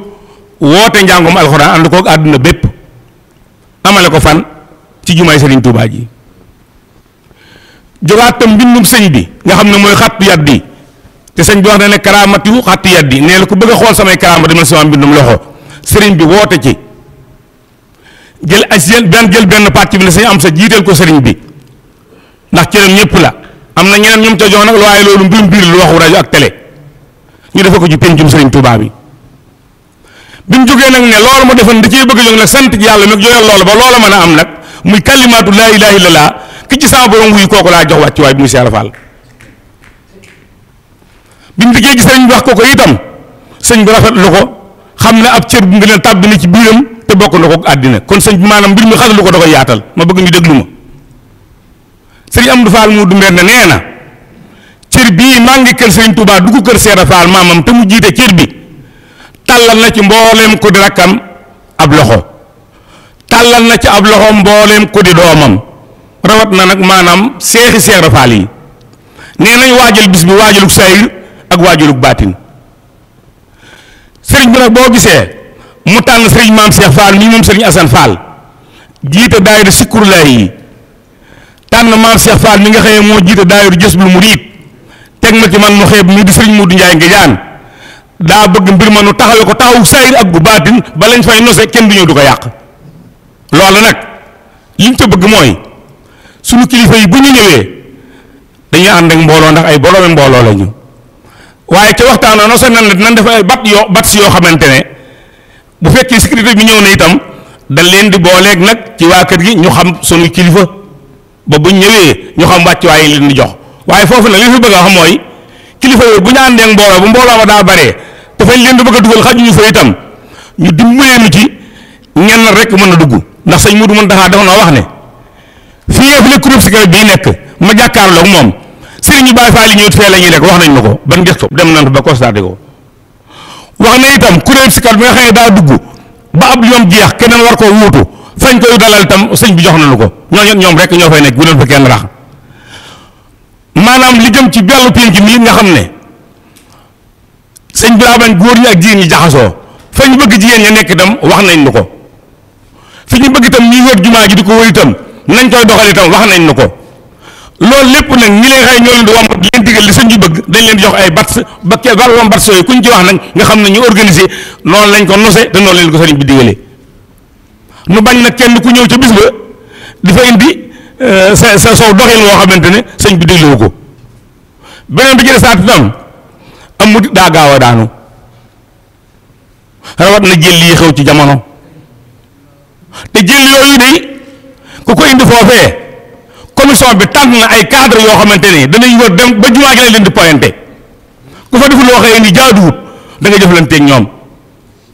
woote njàngum alxuraan ànd koog àdduna bépp amale ko fan ci jumaay Serigne Touba ji jogaat tam mbindum sëñ bi nga xam ne mooy xattu yaddi te sëñ bi wax na ne karaamatu xattu yaddi nee la ku bëgg xool samay karaama demal sama mbindum loxo sëriñ bi woote ci jël as jël benn jël benn pàcc bi ne sañ am sa jiiteel ko sëriñ bi ndax cëram ñëpp la am na ñeneen ñoom ca jox nag waaye loolu mbirum biir lu waxu rajo ak télé ñu defe ko ci pencum sëriñ Touba bi bi mu jógee nag ne loolu ma defoon da bëgg a jóg nag sant yàlla nag jooyal loolu ba loola mën a am nag muy kalimaatu laa ilaaha illallaah ki ci sama borom wuyu kooku laa jox wàccuwaay bi muy Cheikh Fall bi mu liggéey ci sëriñ bi wax ko ko itam sëñ bi rafetlu ko xam ne ab cër bu ngeen tàbbi na ci biiram te bokk na ko àddina kon sëñ bi maanaam mbir mi xaslu ko da yaatal ma bëgg ñu déglu ma sëriñ Amdou Fall mu dumbeen ne nee na cër bii maa ngi kër sëriñ Touba dugg kër Cheikh Fall maamam te mu jiite cër bi. tàllal na ci mbooleem ku di rakkam ab loxo tàllal na ci ab loxo mbooleem ku di doomam rawat na nag maanaam seexi Seex Ibra yi nee nañ waajal bis bi waajulug sayir ak waajulug baatin sëriñ bi nag boo gisee mu tànn sëriñ maam Seex Faal mii moom sëriñ Asan Faal jiite daayira sikkurlaay yi tànn maam Seex Faal mi nga xëyee moo jiite daayira jës bul mu riib teg ma ci man mu xeeb mii di sëriñ Moodu Njaay Ngejaan daa bëgg mbir ma nu taxawee ko taxaw saayir ak gu baatin ba lañ fay nose kenn du ñëw du ko yàq loolu nag liñ ca bëgg mooy suñu kilifa yi bu ñu ñëwee dañuy ànd ak mbooloo ndax ay boroomi mbooloo lañu waaye ca waxtaan nose nan nan def ay bat yoo bat si yoo xamante ne bu fekkee sécurité bi ñëw na itam dañ leen di booleek nag ci waa kër gi ñu xam suñu kilifa ba bu ñëwee ñu xam wàcc waaye leen di jox waaye foofu nag li fi bëgg a wax mooy kilifa yooyu bu ñu àndee ak mbooloo bu mbooloo ba daa bare te fañ leen di bëgg a dugal xajuñu fa itam ñu dimbalee ci ñenn rekk mën a dugg ndax sëñ Modou mën daxaa dafa noo wax ne fii fi la kuréel si bii nekk ma jàkkaarloog moom sëriñ ñu Baay Faal yi ñëw la ñuy lekk wax nañ ma ko ban gëstu dem nañ ba constaté ko wax na itam kuréel si bi nga xam daa dugg ba ab yoon jeex keneen war koo wuutu fañ koy dalal itam sëñ bi jox na lu ko ñooñu ñoom rek ñoo fay nekk bu ne fa kenn rax. maanaam li jëm ci wàllu pénc mi nga xam ne sëñ bi daa bañ góor ñi ak jigéen ñi jaxasoo fa ñu bëgg jigéen ña nekk itam wax nañ nu ko fi ñu bëgg itam ñuy wër jumaa ji di ko wër itam nañ koy doxal itam wax nañ nu ko loolu lépp nag ñi leen xëy ñoo leen di wam di leen digal li sëñ bi bëgg dañ leen di jox ay bats ba kee ba wam bats yooyu kuñ ci wax nag nga xam ne ñu organisé noonu lañ ko nose te noonu leen ko sëriñ bi digalee nu bañ nag kenn ku ñëw ca bis ba di fa indi euh, sa sa soow xamante ne sëñ bi dégluwu ko beneen bi ci des saat am mu daa gaaw a daanu rawat na jël yi xew ci jamono te jël yooyu de ku ko indi foofee commission bi tànn na ay cadre yoo xamante ni danañ war dem ba jumaa ji lañ leen di pointé ku fa deful loo xëy ni jaaduwut da nga jëflanteeg ñoom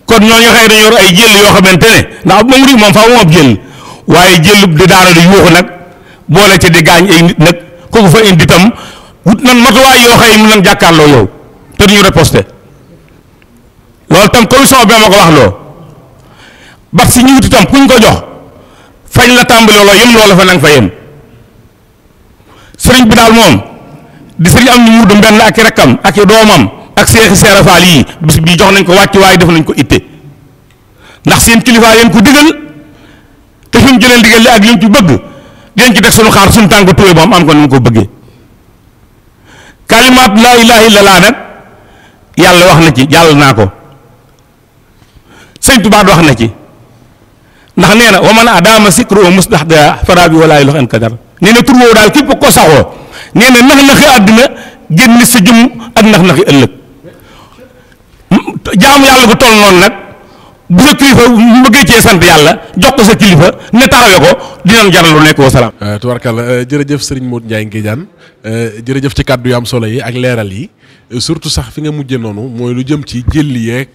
kon ñooñu xëy dañu yor ay jël yoo xamante ne ndax ab murid moom faa moom ab jël waaye jël di daana yuuxu nag boole ci di gaañ ay nit nag ku ko fa indi itam wut nan matuwaay yoo xëy mu nan jàkkaarloo yow te duñu reposté loolu tam commission bi ma ko wax loo bat si ñu wut itam kuñ ko jox fañ la tàmbali loola yem loola fa nang fa yem sëriñ bi daal moom di sëriñ am ñu mudd mbenn ak i rakkam ak i doomam ak seexi seerafaal yi bis bii jox nañ ko wàcc waaye def nañ ko itte ndax seen kilifa yéen ko digal te fi mu jëlee digal li ak li mu ci bëgg dinañ ci teg sunu xaar sunu tànk tuwe moom am ko ni mu ko bëggee kalimaat laa ilaha illallah nag yàlla wax na ci jàll naa ko sëñ Tuubaa wax na ci ndax nee na wa man adama sikru mustahdira farabi wala ilaha in kadar nee tur woowu daal képp ko saxoo nee na naxi àdduna génn sa jum ak nax-naxi ëllëg jaamu yàlla ko toll noonu nag bu sa kilifa bëggee cee sant yàlla jox ko sa kilifa ne taxawee ko dinañ jaral lu nekk wa salaam. Eh, tubarkalla eh, jërëjëf Serigne Modou Ndiaye Ngédiane Euh, jërëjëf ci kàddu yu am solo yi ak leeral yi euh, surtout sax fi nga mujje noonu mooy lu jëm ci jëlli yeeg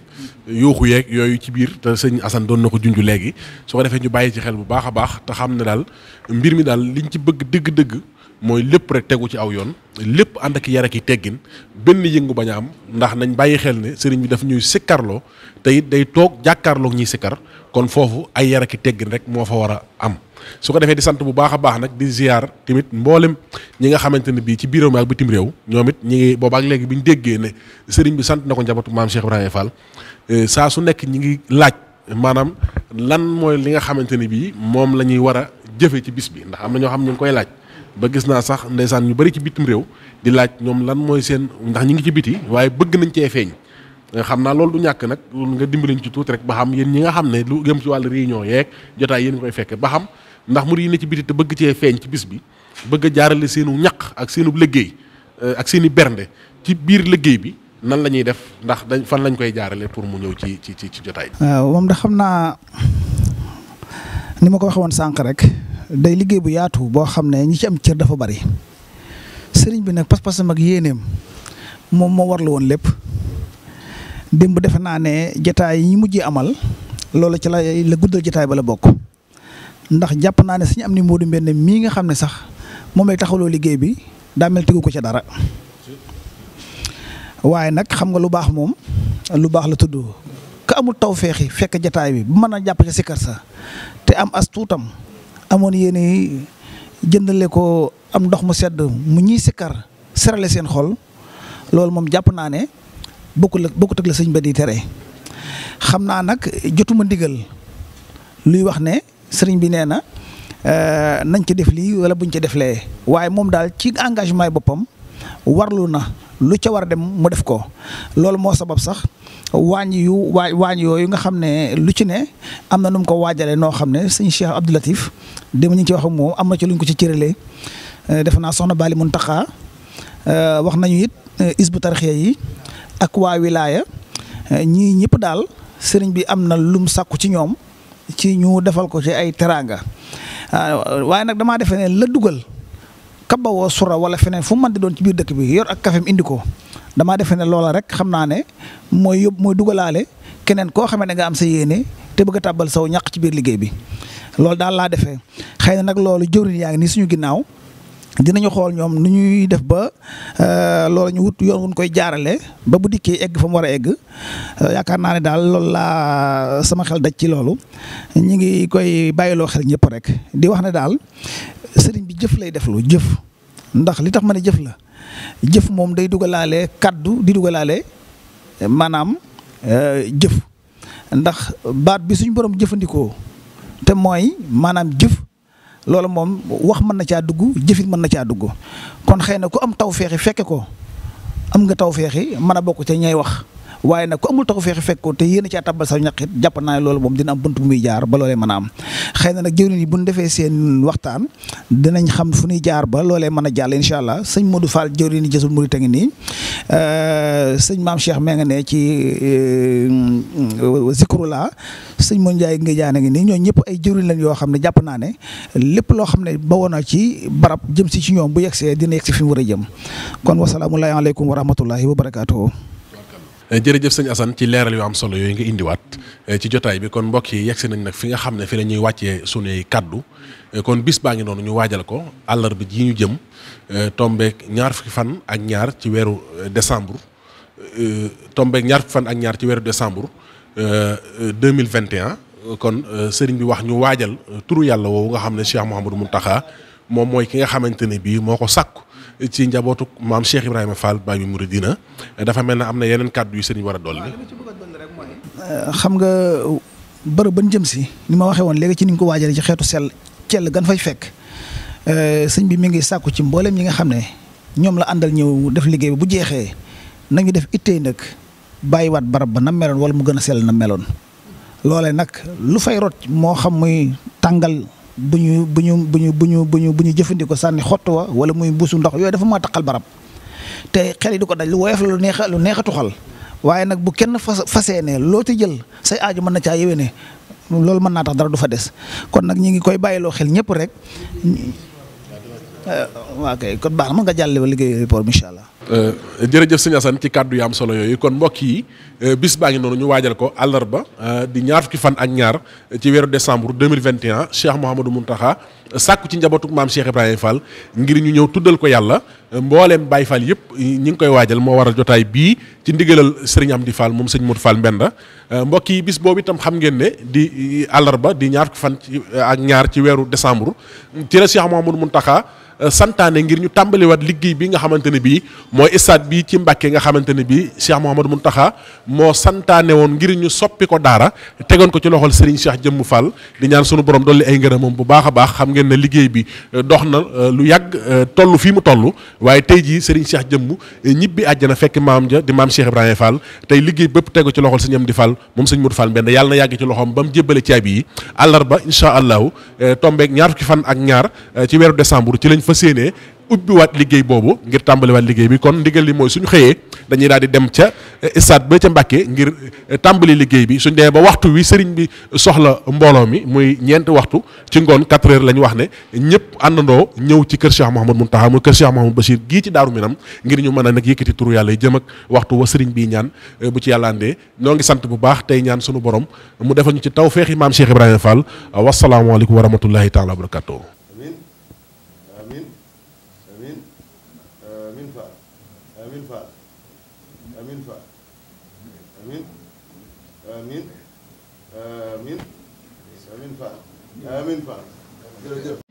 yuuxu yeeg yooyu ci biir te sëñ Assane doon na ko junj léegi su ko defee ñu bàyyi ci xel bu baax a baax te xam ne daal mbir mi daal liñ ci bëgg dégg dëgg mooy lépp rek tegu ci aw yoon lépp ànd ak yar ak i teggin benn yëngu bañ a am ndax nañ bàyyi xel ne sëriñ bi daf ñuy sikkarloo tey it day toog jàkkaarloog ñiy sikkar kon foofu ay yar teggin rek moo fa war a am su ko defee di sant bu baax a baax nag di ziar tamit mboolem ñi nga xamante ne bii ci biir réew mi ak bitim réew ñoom it ñi ngi boobaak léegi bi ñu déggee ne sëriñ bi sant na ko njabootu maam Cheikh Ibrahima euh, saa su nekk ñi ngi laaj maanaam lan mooy li nga xamante ne bii moom la ñuy war a jëfee ci bis bi ndax am na ñoo xam ñu ngi koy laaj ba gis naa sax ndeysaan ñu bari ci bitim réew di laaj ñoom lan mooy seen ndax ñi ngi ci biti waaye bëgg nañ cee feeñ Eh, xam naa loolu du ñàkk nag nga dimbaliñ ci tuuti rek ba xam yéen ñi nga xam ne lu jëm ci wàllu réunion yeeg jotaay yéen koy fekke ba xam ndax mu murid yi ne ci biti te bëgg cee feeñ ci bis bi bëgg a jaarale seenu ñaq ak seenu liggéey eh, ak seeni bernde ci biir liggéey bi nan la ñuy def ndax dañ fan lañ koy jaarale pour mu ñëw ci ci ci jotaay bi. moom da xam naa ni ma ko waxee woon sànq rek day liggéey bu yaatu boo xam ne ñi ci am cër dafa bari sëriñ bi nag pas-pasam ak yéeneem moom moo warlu woon lépp. démb defe naa ne jataay yi mujjee amal loolu ci la la guddal jataay ba la bokk ndax jàpp naa ne suñu am ni Modou Mbène mii nga xam ne sax moom lay taxawloo liggéey bi daa mel tigu ko ca dara waaye nag xam nga lu baax moom lu baax la tudd ka amul taw tawféexi fekk jataay bi bu mën a jàpp ca sikkar sa te am as tuutam amoon yéen jëndale ko am ndox mu sedd mu ñiy sikkar serale seen xol loolu moom jàpp naa ne bokkul ak bokkut ak la sëñ ba di tere xam naa nag jotuma ndigal luy wax ne sëriñ bi nee na euh, nañ ci def lii wala buñ ci def lee waaye moom daal ci engagement yi boppam warlu na lu ca war a dem mu def ko loolu moo sabab sax waañ yu waa waañ yooyu nga xam ne lu ci ne am na nu ko waajalee noo xam ne sëñ Cheikh Abdou Latif dem ñu ci wax ak moom am na ci luñ ko ci cëralee euh, def naa soxna Bali Muntaxa euh, wax nañu it isbu tarxiya yi ak waa wilaaya eh, ñii ñëpp daal sëriñ bi am na lum sàkku ci ñoom ci ñu defal ko ci ay teraanga ah, waaye nag damaa defe ne la dugal kabawoo sura wala feneen fu man di doon ci biir dëkk bi yor ak kafem indi ko damaa defee ne loola rek xam naa ne mooy yóbbu mooy dugalaale keneen koo xamee ne nga am sa yéene te bëgg a tàbbal saw ñaq ci biir liggéey bi loolu daal laa defee xëy na nag loolu jëwriñ yaa ngi nii suñu ginnaaw. dinañu xool ñoom nu ñuy def ba euh, loolu ñu wut yoon wuñ koy jaarale ba bu dikkee egg fa mu war a egg euh, yaakaar naa ne daal loolu laa sama xel daj ci loolu ñu ngi koy bàyyiloo xel ñëpp rek di wax ne daal sëriñ bi jëf lay def lu jëf ndax li tax ma ne jëf la jëf moom day dugalaale kaddu di dugalaale maanaam euh, jëf ndax baat bi suñu borom jëfandikoo te mooy maanaam jëf. loolu moom wax mën na caa dugg jëfit mën na caa dugg kon xëy na ku am taw feexi fekke ko am nga taw feexi mën a bokk ca ñay wax waaye nag ku amul taxu feexe fekk ko te yéen a caa tabbal sa ñaqit jàpp naa ne loolu moom dina am bunt bu muy jaar ba loolee mën a xëy na nag jëwriñ yi bu ñu defee seen waxtaan dinañ xam fu ñuy jaar ba loolee mën a jàll incha allah sëñ Modou Fall jëwriñ yi jësul murit a ngi nii euh, sëñ maam Cheikh mee nga ne ci euh, Zikrula sëñ Modou Ndiaye nga jaan a ngi nii ñooñu ñëpp ay jëwriñ lañ yoo xam ne jàpp naa ne lépp loo xam ne bawoon na ci barab jëm si ci ñoom bu yegsee dina yegsi fi mu war a jëm kon wasalaamu aleykum wa rahmatullahi wa barakaatuhu Eh, jërëjëf sëñ Assane ci leeral yu am solo yooyu nga indiwaat eh, ci jotaay bi kon mbokk yi yegsi nañ nag fi nga xam ne fi la ñuy wàccee sunuy kàddu eh, kon bis baa ngi noonu ñu waajal ko àllarba ji ñu jëm tombeek ñaar fukki fan ak ñaar ci weeru décembre tombeek ñaar fan ak ñaar ci weeru décembre 2021 kon sëriñ bi wax ñu waajal turu yàlla woowu nga xam ne Cheikh Mouhamadou Mountakha moom mooy ki nga xamante ne bii moo ko sàkku ci njabootu maam Cheikh Ibrahima Fall Baye Mouridina dafa mel ne am na yeneen kàddu yu sëriñ war a dolli. Euh, xam nga bërëb ban jëm si ni ma waxee woon léegi ci ni ñu ko waajalee ci xeetu sel cell gan fay fekk euh, sëñ bi mi ngi sàkku ci mbooleem yi nga xam ne ñoom la àndal ñëw def liggéey bi bu jeexee nañu def it tey nag bàyyiwaat barab ba na meloon wala mu gën a sel na meloon. loolee nag lu fay rot moo xam muy tàngal. bu ñu bu ñu bu ñu bu ñu bu ñu bu ñu jëfandikoo sànni xott wa wala muy mbuusu ndox yooyu dafa maa taqal barab te xel yi di ko daj lu woyof la lu neex lu neex a tuxal waaye nag bu kenn fas fasee ne loo ci jël say aaju mën na caa yewee ne loolu mën naa tax dara du fa des kon nag ñu ngi koy bàyyiloo xel ñëpp rek. Euh, waaw kay kon baax na ma nga jàlle ba liggéey report incha allah. Euh, jërëjëf sëñ Assane ci kàddu yu am solo yooyu kon mbokk yi euh, bis baa ngi noonu ñu waajal ko àllarba euh, di ñaar fukki fan ak ñaar ci weeru décembre 2021 Cheikh Mouhamadou Mountakha sàkku ci njabootu maam Cheikh Ibrahima Fall ngir ñu ñëw tuddal ko yàlla mbooleem Baye Fall yëpp ñi ngi koy waajal moo waral jotaay bii ci ndigalal sëriñ Amdi Fall moom sëñ Modou Fall Mbenda mbokk yi bis boobu itam xam ngeen ne di àllarba di ñaar fukki fan ak ñaar ci weeru décembre ci la Cheikh Mouhamadou Mountakha santaane ngir ñu tàmbaliwaat liggéey bi nga xamante ne bii mooy stade bi ci Mbàkke nga xamante ne bii Cheikh Mouhamadou taxa moo santaane woon ngir ñu soppi ko daara tegoon ko ci loxol Serigne Cheikh Jëmm fal di ñaan sunu borom dolli ay moom bu baax a baax xam ngeen ne liggéey bi euh, dox na euh, lu yàgg euh, toll fii mu toll waaye tey jii Serigne Cheikh Jëmm ñibbi na fekk maam ja di maam Cheikh Ibrahima fal tey liggéey bépp tegu ci loxol Serigne Amdi Fall moom Serigne Modou Fall mbenn yàlla na yàgg ci loxoom ba mu jébbale caabi yi àllarba incha allahu tombeeg ñaar fukki fan ak ñaar ci weeru ci lañ fa séenee ubbiwaat liggéey boobu ngir tàmbaliwaat liggéey bi kon ndigal li mooy suñu xëyee dañuy daal di dem ca eh, stade ba ca Mbàkke ngir eh, tàmbali liggéey bi suñ dee ba waxtu wi sëriñ bi soxla mbooloo mi muy ñeenti waxtu ci ngoon 4 heures la ñu wax ne ñëpp àndandoo ñëw ci kër Cheikh Mouhamadou Mountakha muy kër Cheikh Mouhamadou Bachir gii ci Daaru Minam ngir ñu mën a nag yëkkati turu yàlla yi jëm ak waxtu wa sëriñ bi ñaan eh, bu ci yàlla àndee ñoo ngi sant bu baax tey ñaan suñu borom mu defal ñu ci tawfeexi maam Cheikh Ibrahima Fall wasalaamaaleykum wa rahmatullahi taala wa barakatuh amiin Fall jërëjëf